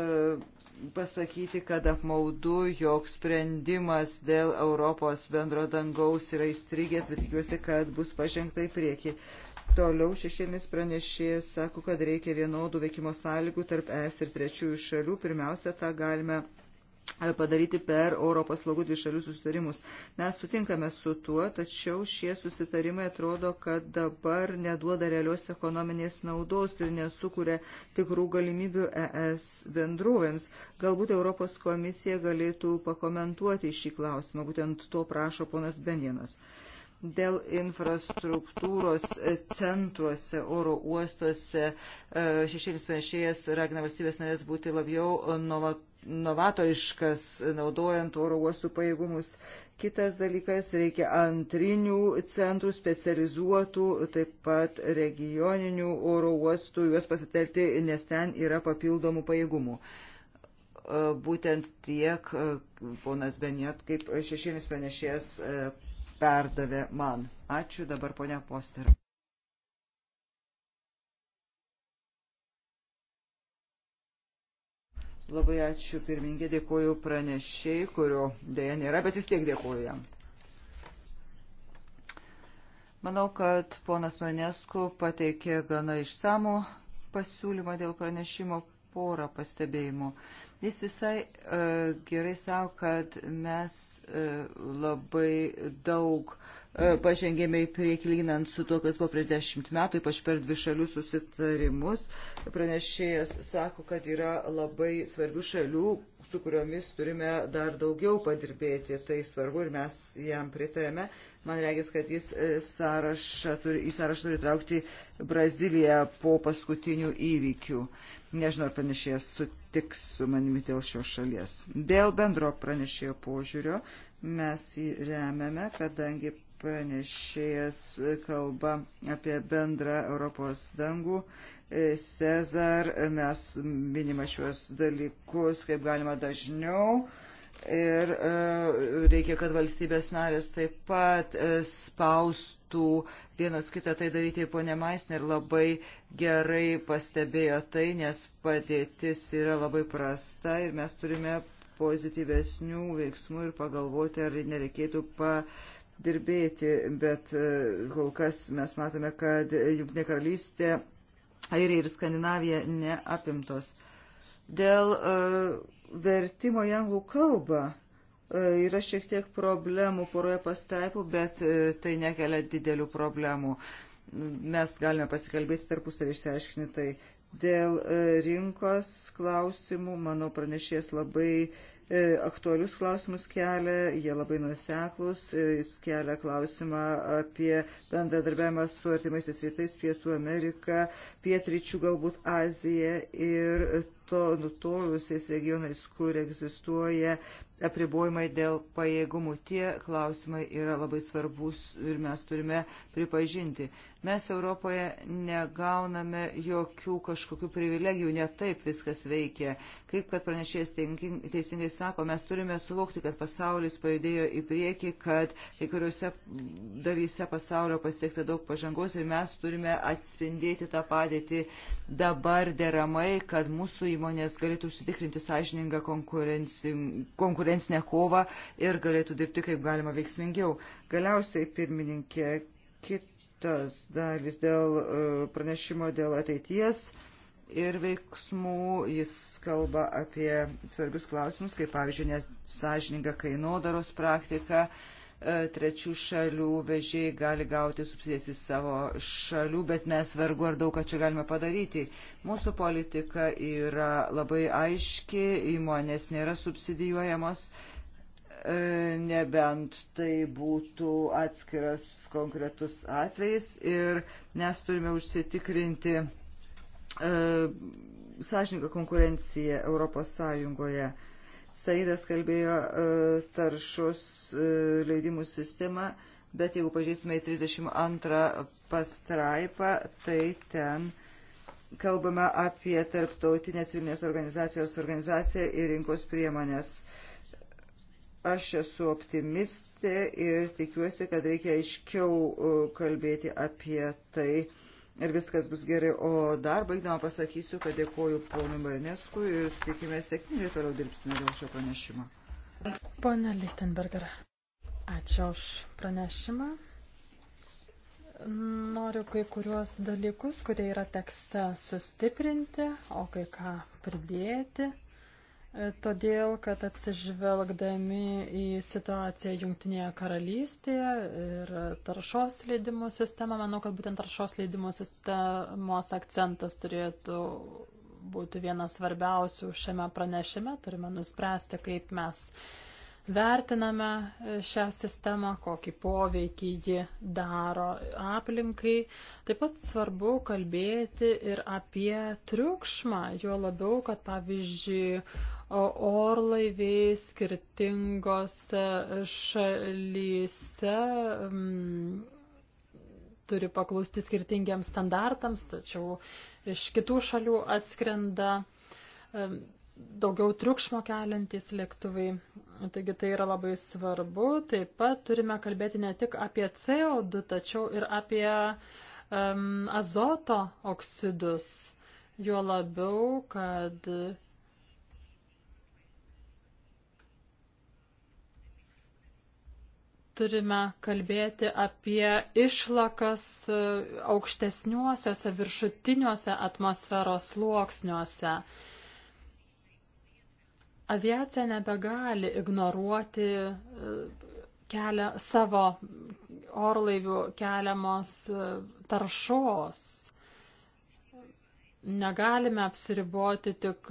pasakyti, kad apmaudu, jog sprendimas dėl Europos bendro dangaus yra įstrigęs, bet tikiuosi, kad bus pažengta į priekį. Toliau šešėmis pranešėjas sako, kad reikia vienodų veikimo sąlygų tarp ES ir trečiųjų šalių. Pirmiausia, tą galime padaryti per Europos slaugų dvišalius susitarimus. Mes sutinkame su tuo, tačiau šie susitarimai atrodo, kad dabar neduoda realios ekonominės naudos ir nesukuria tikrų galimybių ES bendrovėms. Galbūt Europos komisija galėtų pakomentuoti šį klausimą, būtent to prašo ponas Benjenas dėl infrastruktūros centruose, oro uostuose. E, šešėlis panešėjas ragina valstybės narės būti labiau novatoriškas, naudojant oro uostų pajėgumus. Kitas dalykas - reikia antrinių centrų, specializuotų, taip pat regioninių oro uostų, juos pasitelti, nes ten yra papildomų pajėgumų e, būtent tiek e, ponas Benjet kaip šešėlis panešės perdavė man. Ačiū dabar ponia Poster. Labai ačiū pirmininkė, dėkoju pranešiai, kurio dėja nėra, bet vis tiek dėkoju jam. Manau, kad ponas Manesku pateikė gana išsamų pasiūlymą dėl pranešimo porą pastebėjimų. Jis visai uh, gerai savo, kad mes uh, labai daug uh, pažengėme į priekį lyginant su to, kas buvo prieš dešimt metų, ypač per dvi šalių susitarimus. Pranešėjas sako, kad yra labai svarbių šalių, su kuriomis turime dar daugiau padirbėti. Tai svarbu ir mes jam pritarėme. Man reikia, kad jis sąrašą turi, į sąrašą turi traukti Braziliją po paskutinių įvykių. Nežinau, ar pranešėjas sutinka sutiks su manimi dėl šios šalies. Dėl bendro pranešėjo požiūrio mes jį remiame, kadangi pranešėjas kalba apie bendrą Europos dangų. E, Cezar, mes minime šiuos dalykus kaip galima dažniau. Ir e, reikia, kad valstybės narės taip pat e, spaustų vienas kitą tai daryti. Pone Maisner labai gerai pastebėjo tai, nes padėtis yra labai prasta ir mes turime pozityvesnių veiksmų ir pagalvoti, ar nereikėtų padirbėti. Bet e, kol kas mes matome, kad Junktinė karalystė, Airija ir Skandinavija neapimtos. Dėl uh, vertimo į anglų kalbą E, yra šiek tiek problemų poroje pastaipų, bet e, tai nekelia didelių problemų. Mes galime pasikalbėti tarpusavį išsiaiškinti tai. Dėl e, rinkos klausimų, mano pranešėjas labai aktualius klausimus kelia, jie labai nuseklus, jis kelia klausimą apie bendradarbiavimą su artimaisiais rytais, Pietų Amerika, Pietryčių galbūt Azija ir to nutolusiais regionais, kur egzistuoja apribojimai dėl pajėgumų. Tie klausimai yra labai svarbus ir mes turime pripažinti. Mes Europoje negauname jokių kažkokių privilegijų, netaip viskas veikia. Kaip kad pranešėjas teisingai sako, mes turime suvokti, kad pasaulis pajudėjo į priekį, kad kai kuriuose dalyse pasaulio pasiekta daug pažangos ir mes turime atspindėti tą padėtį dabar deramai, kad mūsų įmonės galėtų užsitikrinti sąžiningą konkurenci... konkurencinę kovą ir galėtų dirbti kaip galima veiksmingiau. Galiausiai, pirmininkė, kit kitos dalys dėl e, pranešimo dėl ateities ir veiksmų. Jis kalba apie svarbius klausimus, kaip pavyzdžiui, nesažininga kainodaros praktika. E, trečių šalių vežėjai gali gauti subsidijas iš savo šalių, bet mes vargu ar daug ką čia galime padaryti. Mūsų politika yra labai aiški, įmonės nėra subsidijuojamos. Uh, E, nebent tai būtų atskiras konkretus atvejis ir mes turime užsitikrinti e, sąžininką konkurenciją Europos Sąjungoje. Saidas kalbėjo e, taršos e, leidimų sistemą, bet jeigu pažįstume į 32 pastraipą, tai ten kalbame apie tarptautinės civilinės organizacijos organizaciją ir rinkos priemonės. E, Aš esu optimistė ir tikiuosi, kad reikia aiškiau e, kalbėti apie tai ir viskas bus gerai. O dar baigdama pasakysiu, kad dėkoju ponui Marineskui ir tikime sėkmingai toliau dirbsime dėl šio pranešimo. Pone Lichtenberger, ačiū už pranešimą. Noriu kai kuriuos dalykus, kurie yra tekste sustiprinti, o kai ką pridėti. E, todėl kad atsižvelgdami į situaciją Junktinėje karalystėje ir taršos leidimų sistemą, manau, kad būtent taršos leidimų sistemos akcentas turėtų būti vienas svarbiausių šiame pranešime. Turime nuspręsti, kaip mes vertiname šią sistemą, kokį poveikį ji daro aplinkai. Taip pat svarbu kalbėti ir apie triukšmą, juo labiau, kad pavyzdžiui, orlaiviai skirtingose šalyse mm, turi paklausti skirtingiems standartams, tačiau iš kitų šalių atskrenda mm, daugiau triukšmo keliantys lėktuvai. Taigi tai yra labai svarbu. Taip pat turime kalbėti ne tik apie CO2, tačiau ir apie um, azoto oksidus. Juo labiau, kad turime kalbėti apie išlakas e, aukštesniuosiuose, viršutiniuose atmosferos sluoksniuose. Aviacija nebegali ignoruoti e, kelia, savo orlaivių keliamos e, taršos. Negalime apsiriboti tik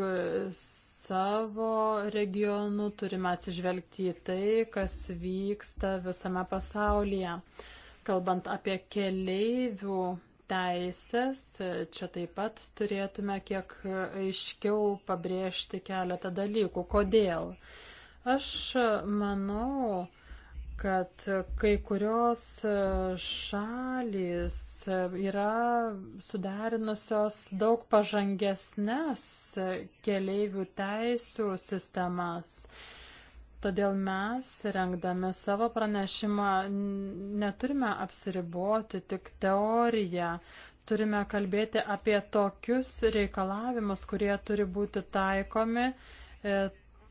savo regionu, turime atsižvelgti į tai, kas vyksta visame pasaulyje. Kalbant apie keleivių teisės, čia taip pat turėtume kiek aiškiau pabrėžti keletą dalykų. Kodėl? Aš manau, kad kai kurios e, šalys e, yra suderinusios daug pažangesnes e, keleivių teisų sistemas. Todėl mes, rengdami savo pranešimą, neturime apsiriboti tik teoriją, turime kalbėti apie tokius reikalavimus, kurie turi būti taikomi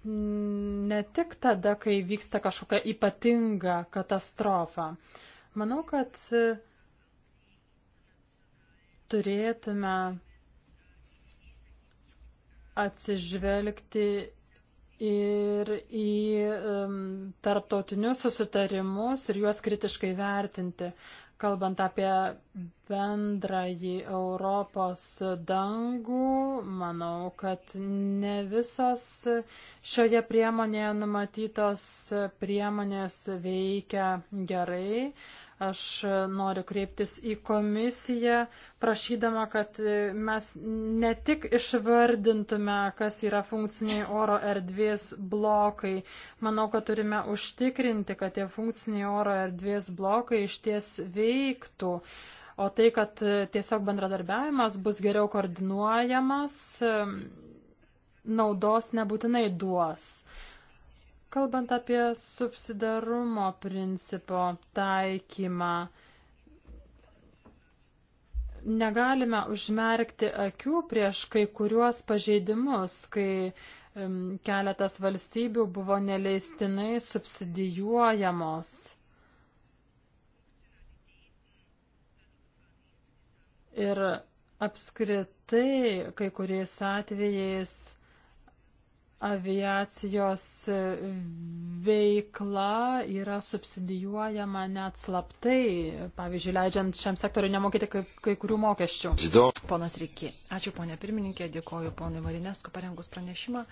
ne tik tada, kai vyksta kažkokia ypatinga katastrofa. Manau, kad e, turėtume atsižvelgti ir į um, tarptautinius susitarimus ir juos kritiškai vertinti. Kalbant apie bendrąjį Europos dangų, manau, kad ne visos šioje priemonėje numatytos priemonės veikia gerai. Aš noriu kreiptis į komisiją, prašydama, kad mes ne tik išvardintume, kas yra funkciniai oro erdvės blokai. Manau, kad turime užtikrinti, kad tie funkciniai oro erdvės blokai iš ties veiktų. O tai, kad tiesiog bendradarbiavimas bus geriau koordinuojamas, naudos nebūtinai duos. Kalbant apie subsidarumo principo taikymą, negalime užmerkti akių prieš kai kuriuos pažeidimus, kai keletas valstybių buvo neleistinai subsidijuojamos. Ir apskritai kai kuriais atvejais aviacijos veikla yra subsidijuojama net slaptai, pavyzdžiui, leidžiant šiam sektoriu nemokėti kai, kai kurių mokesčių. Ponas Rikė, ačiū ponė pirmininkė, dėkoju ponui Marinesku parengus pranešimą.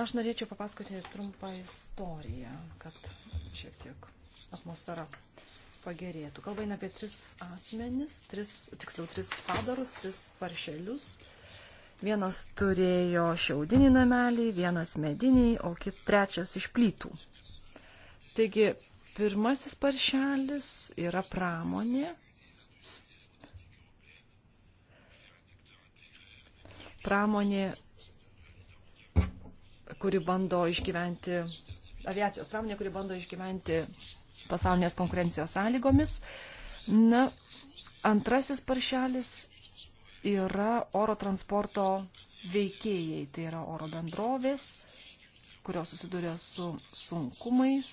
Aš norėčiau papasakoti trumpą istoriją, kad šiek tiek atmosfera pagerėtų. Kalba eina apie tris asmenis, tris, tiksliau, tris padarus, tris paršelius Vienas turėjo šiaudinį namelį, vienas medinį, o kit, trečias iš plytų. Taigi, pirmasis paršelis yra pramonė. Pramonė, kuri bando išgyventi, aviacijos pramonė, kuri bando išgyventi pasaulinės konkurencijos sąlygomis. Na, antrasis paršelis yra oro transporto veikėjai, tai yra oro bendrovės, kurios susiduria su sunkumais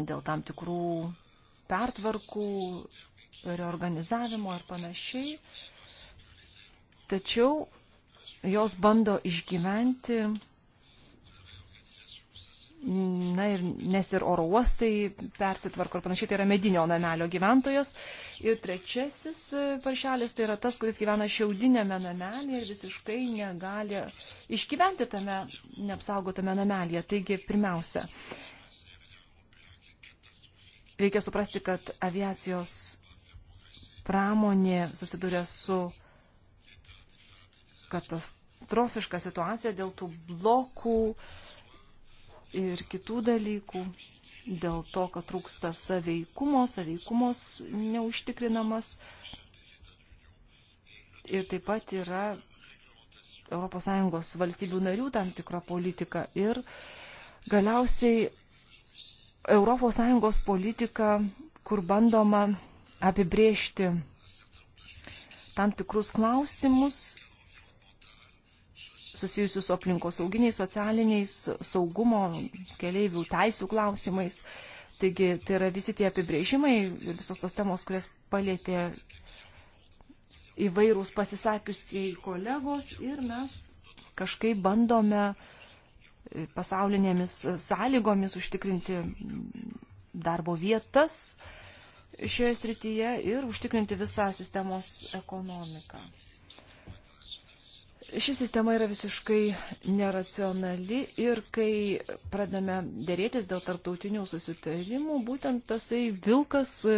dėl tam tikrų pertvarkų, reorganizavimo ir panašiai. Tačiau jos bando išgyventi na ir nes ir oro uostai persitvarko ir panašiai, tai yra medinio namelio gyventojas. Ir trečiasis e, paršelis tai yra tas, kuris gyvena šiaudinėme namelėje ir visiškai negali išgyventi tame neapsaugotame namelėje. Taigi, pirmiausia, reikia suprasti, kad aviacijos pramonė susiduria su katastrofiška situacija dėl tų blokų ir kitų dalykų, dėl to, kad trūksta saveikumo, saveikumos neužtikrinamas. Ir taip pat yra ES valstybių narių tam tikra politika. Ir galiausiai ES politika, kur bandoma apibriežti tam tikrus klausimus susijusių su aplinkosauginiais, socialiniais, saugumo, keliaivių teisų klausimais. Taigi tai yra visi tie apibrėžimai ir visos tos temos, kurias palėtė įvairūs pasisakiusiai kolegos ir mes kažkaip bandome pasaulinėmis sąlygomis užtikrinti darbo vietas šioje srityje ir užtikrinti visą sistemos ekonomiką. Ši sistema yra visiškai neracionali ir kai pradame dėrėtis dėl tarptautinių susitarimų, būtent tasai vilkas e,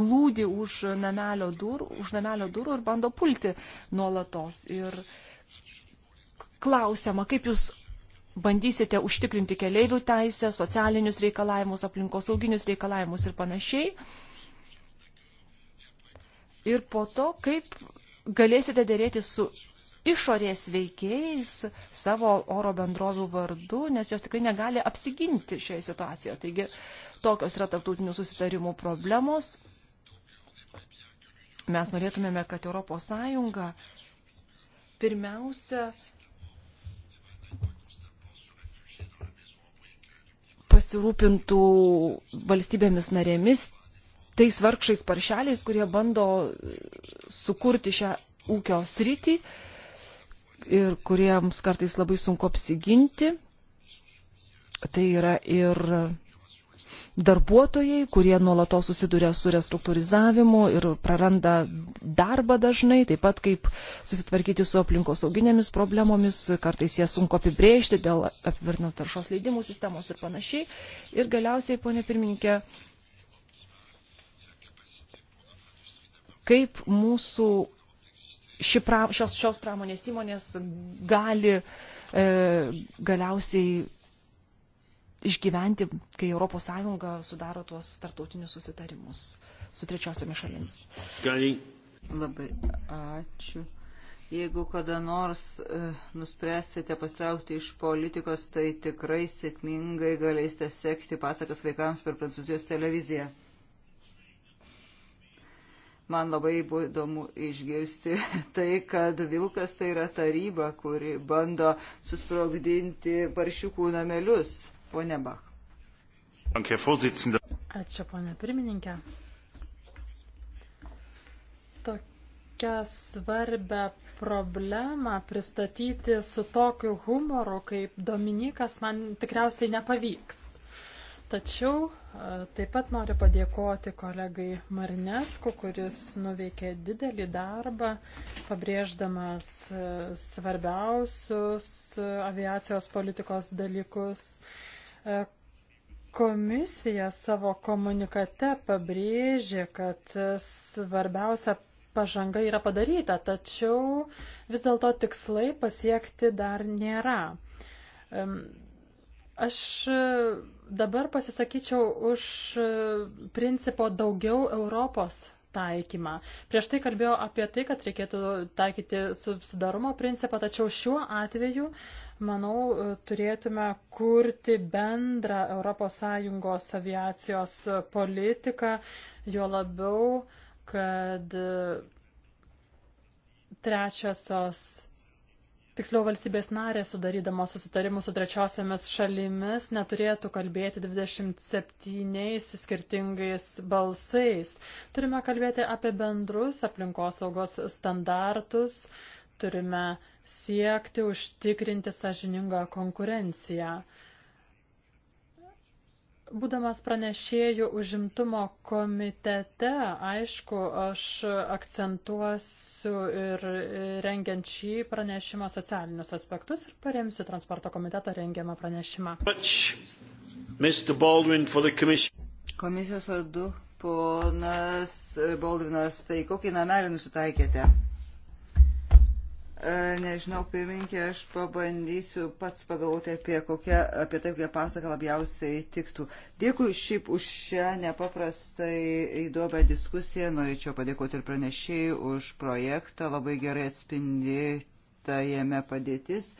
glūdi už namelio durų, už namelio durų ir bando pulti nuolatos. Ir klausiama, kaip jūs bandysite užtikrinti keleivių teisę, socialinius reikalavimus, aplinkosauginius reikalavimus ir panašiai. Ir po to, kaip galėsite dėrėti su išorės veikėjais savo oro bendrovių vardu, nes jos tikrai negali apsiginti šioje situacijoje. Taigi tokios yra tarptautinių susitarimų problemos. Mes norėtumėme, kad ES pirmiausia pasirūpintų valstybėmis narėmis, tais vargšais paršeliais, kurie bando sukurti šią ūkio sritį. Uh, ir kuriems kartais labai sunku apsiginti. Tai yra ir darbuotojai, kurie nuolatos susiduria su restruktūrizavimu ir praranda darbą dažnai, taip pat kaip susitvarkyti su aplinkosauginėmis problemomis, kartais jie sunku apibrėžti dėl apvirno taršos leidimų sistemos ir panašiai. Ir galiausiai, ponė pirmininkė, kaip mūsų ši pra, šios, šios pramonės įmonės gali e, galiausiai išgyventi, kai ES sudaro tuos tartautinius susitarimus su trečiosiomis šalimis. Gali. Labai ačiū. Jeigu kada nors e, nuspręsite pastraukti iš politikos, tai tikrai sėkmingai galėsite sekti pasakas vaikams per Prancūzijos televiziją. Man labai buvo įdomu išgirsti tai, kad Vilkas tai yra taryba, kuri bando susprogdinti paršiukų namelius. Pone Bach. Ačiū, ponė pirmininkė. Tokią svarbę problemą pristatyti su tokiu humoru kaip Dominikas man tikriausiai nepavyks. Tačiau taip pat noriu padėkoti kolegai Marinesku, kuris nuveikė didelį darbą, pabrėždamas svarbiausius aviacijos politikos dalykus. Komisija savo komunikate pabrėžė, kad svarbiausia pažanga yra padaryta, tačiau vis dėlto tikslai pasiekti dar nėra. Aš Dabar pasisakyčiau už e, principo daugiau Europos taikymą. Prieš tai kalbėjau apie tai, kad reikėtų taikyti subsidarumo principą, tačiau šiuo atveju, manau, e, turėtume kurti bendrą ES aviacijos politiką, juo labiau, kad e, trečiosios Tiksliau, valstybės narės sudarydamos susitarimus su trečiosiamis šalimis neturėtų kalbėti 27 skirtingais balsais. Turime kalbėti apie bendrus aplinkosaugos standartus, turime siekti užtikrinti sąžiningą konkurenciją. Būdamas pranešėjų užimtumo komitete, aišku, aš akcentuosiu ir rengiant šį pranešimą socialinius aspektus ir paremsiu transporto komiteto rengiamą pranešimą. Komisijos vardu, ponas Baldvinas, tai kokį namelį nusitaikėte? E, nežinau, pirminkė, aš pabandysiu pats pagalvoti apie, kokią, apie tai, kokią pasaką labiausiai tiktų. Dėkui šiaip už šią nepaprastai įdomią diskusiją. Norėčiau padėkoti ir pranešėjai už projektą. Labai gerai atspindėta jame padėtis.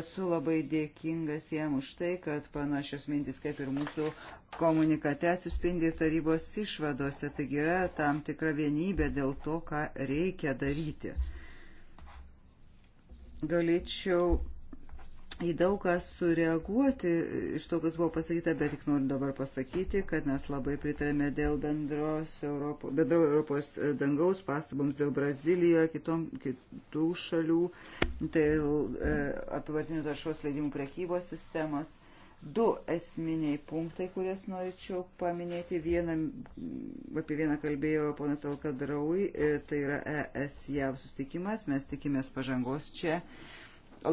Esu labai dėkingas jam už tai, kad panašios mintis kaip ir mūsų komunikate atsispindi tarybos išvadose. Taigi yra tam tikra vienybė dėl to, ką reikia daryti galėčiau į daug ką sureaguoti iš to, kas buvo pasakyta, bet tik noriu dabar pasakyti, kad mes labai pritarėme dėl bendros Europo, bendro Europos dangaus pastaboms dėl Brazilijoje, kitom, kitų šalių, dėl e, apivartinių taršos leidimų prekybos sistemos du esminiai punktai, kurias norėčiau paminėti. Vieną, apie vieną kalbėjo ponas Alkadraui, e, tai yra ES-JAV sustikimas, mes tikimės pažangos čia.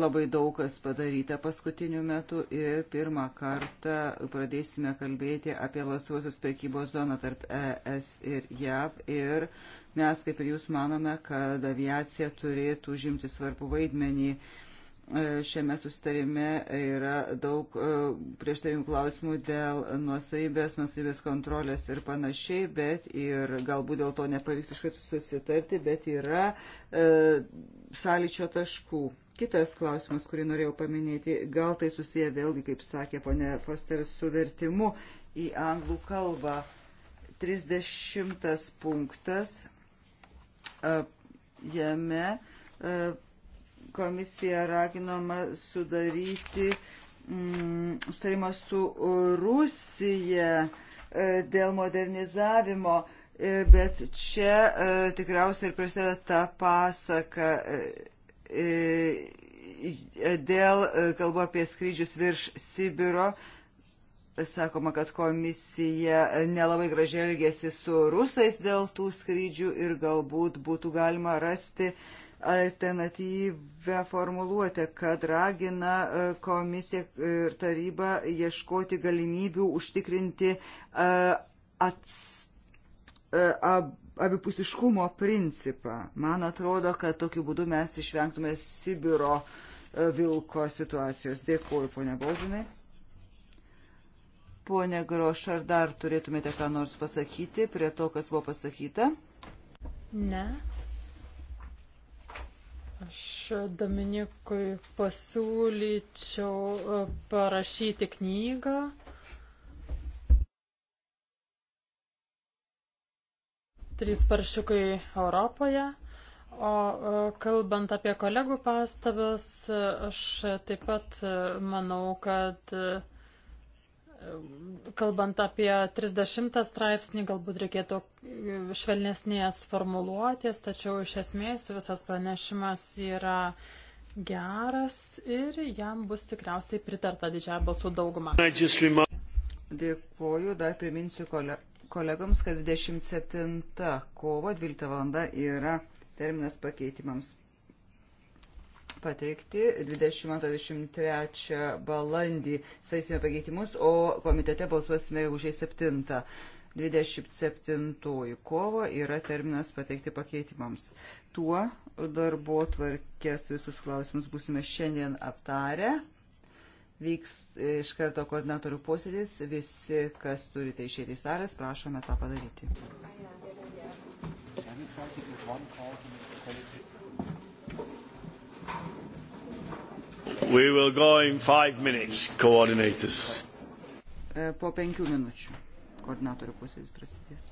Labai daug kas padaryta paskutiniu metu ir pirmą kartą pradėsime kalbėti apie lasuosios prekybos zoną tarp ES ir JAV ir mes, kaip ir jūs, manome, kad aviacija turėtų užimti svarbu vaidmenį uh, E, šiame sustarime yra daug e, prieštaringų klausimų dėl nuosaibės, nuosaibės kontrolės ir panašiai, bet ir galbūt dėl to nepavyks iškart susitarti, bet yra e, sąlyčio taškų. Kitas klausimas, kurį norėjau paminėti, gal tai susiję vėlgi, kaip sakė ponė Fosteris, su vertimu į anglų kalbą. 30 punktas. E, jame e, komisija raginama sudaryti mm, sutarimą su Rusija e, dėl modernizavimo, e, bet čia e, tikriausiai ir prasideda ta pasaka dėl, kalbu apie skrydžius virš Sibiro, sakoma, kad komisija nelabai gražiai elgėsi su rusais dėl tų skrydžių ir galbūt būtų galima rasti uh, alternatyvę formuluotę, kad ragina e, komisija ir taryba ieškoti galimybių užtikrinti e, ats, e, abipusiškumo principą. Man atrodo, kad tokiu būdu mes išvengtume Sibiro vilko situacijos. Dėkuoju, ponia Baudinai. Pone Groš, ar dar turėtumėte ką nors pasakyti prie to, kas buvo pasakyta? Ne. Aš Dominikui pasiūlyčiau e, parašyti knygą. Trys paršiukai Europoje. O e, kalbant apie kolegų pastabas, e, aš taip pat manau, kad kalbant apie 30 straipsnį, galbūt reikėtų e, švelnesnės formuluotės, tačiau iš esmės visas pranešimas yra geras ir jam bus tikriausiai pritarta didžiąją balsų daugumą. Dėkuoju, dar priminsiu kolegoms, kad 27 kovo 12 val. yra terminas pakeitimams pateikti 22-23 balandį. Svarysime pakeitimus, o komitete balsuosime už 7. 27 kovo yra terminas pateikti pakeitimams. Tuo darbo tvarkės visus klausimus būsime šiandien aptarę. Vyks iš karto koordinatorių posėdis. Visi, kas turite išėti į salės, prašome tą padaryti. Yeah, yeah, yeah. We will go in five minutes, coordinators. E, po penkių minučių koordinatorių posėdis prasidės.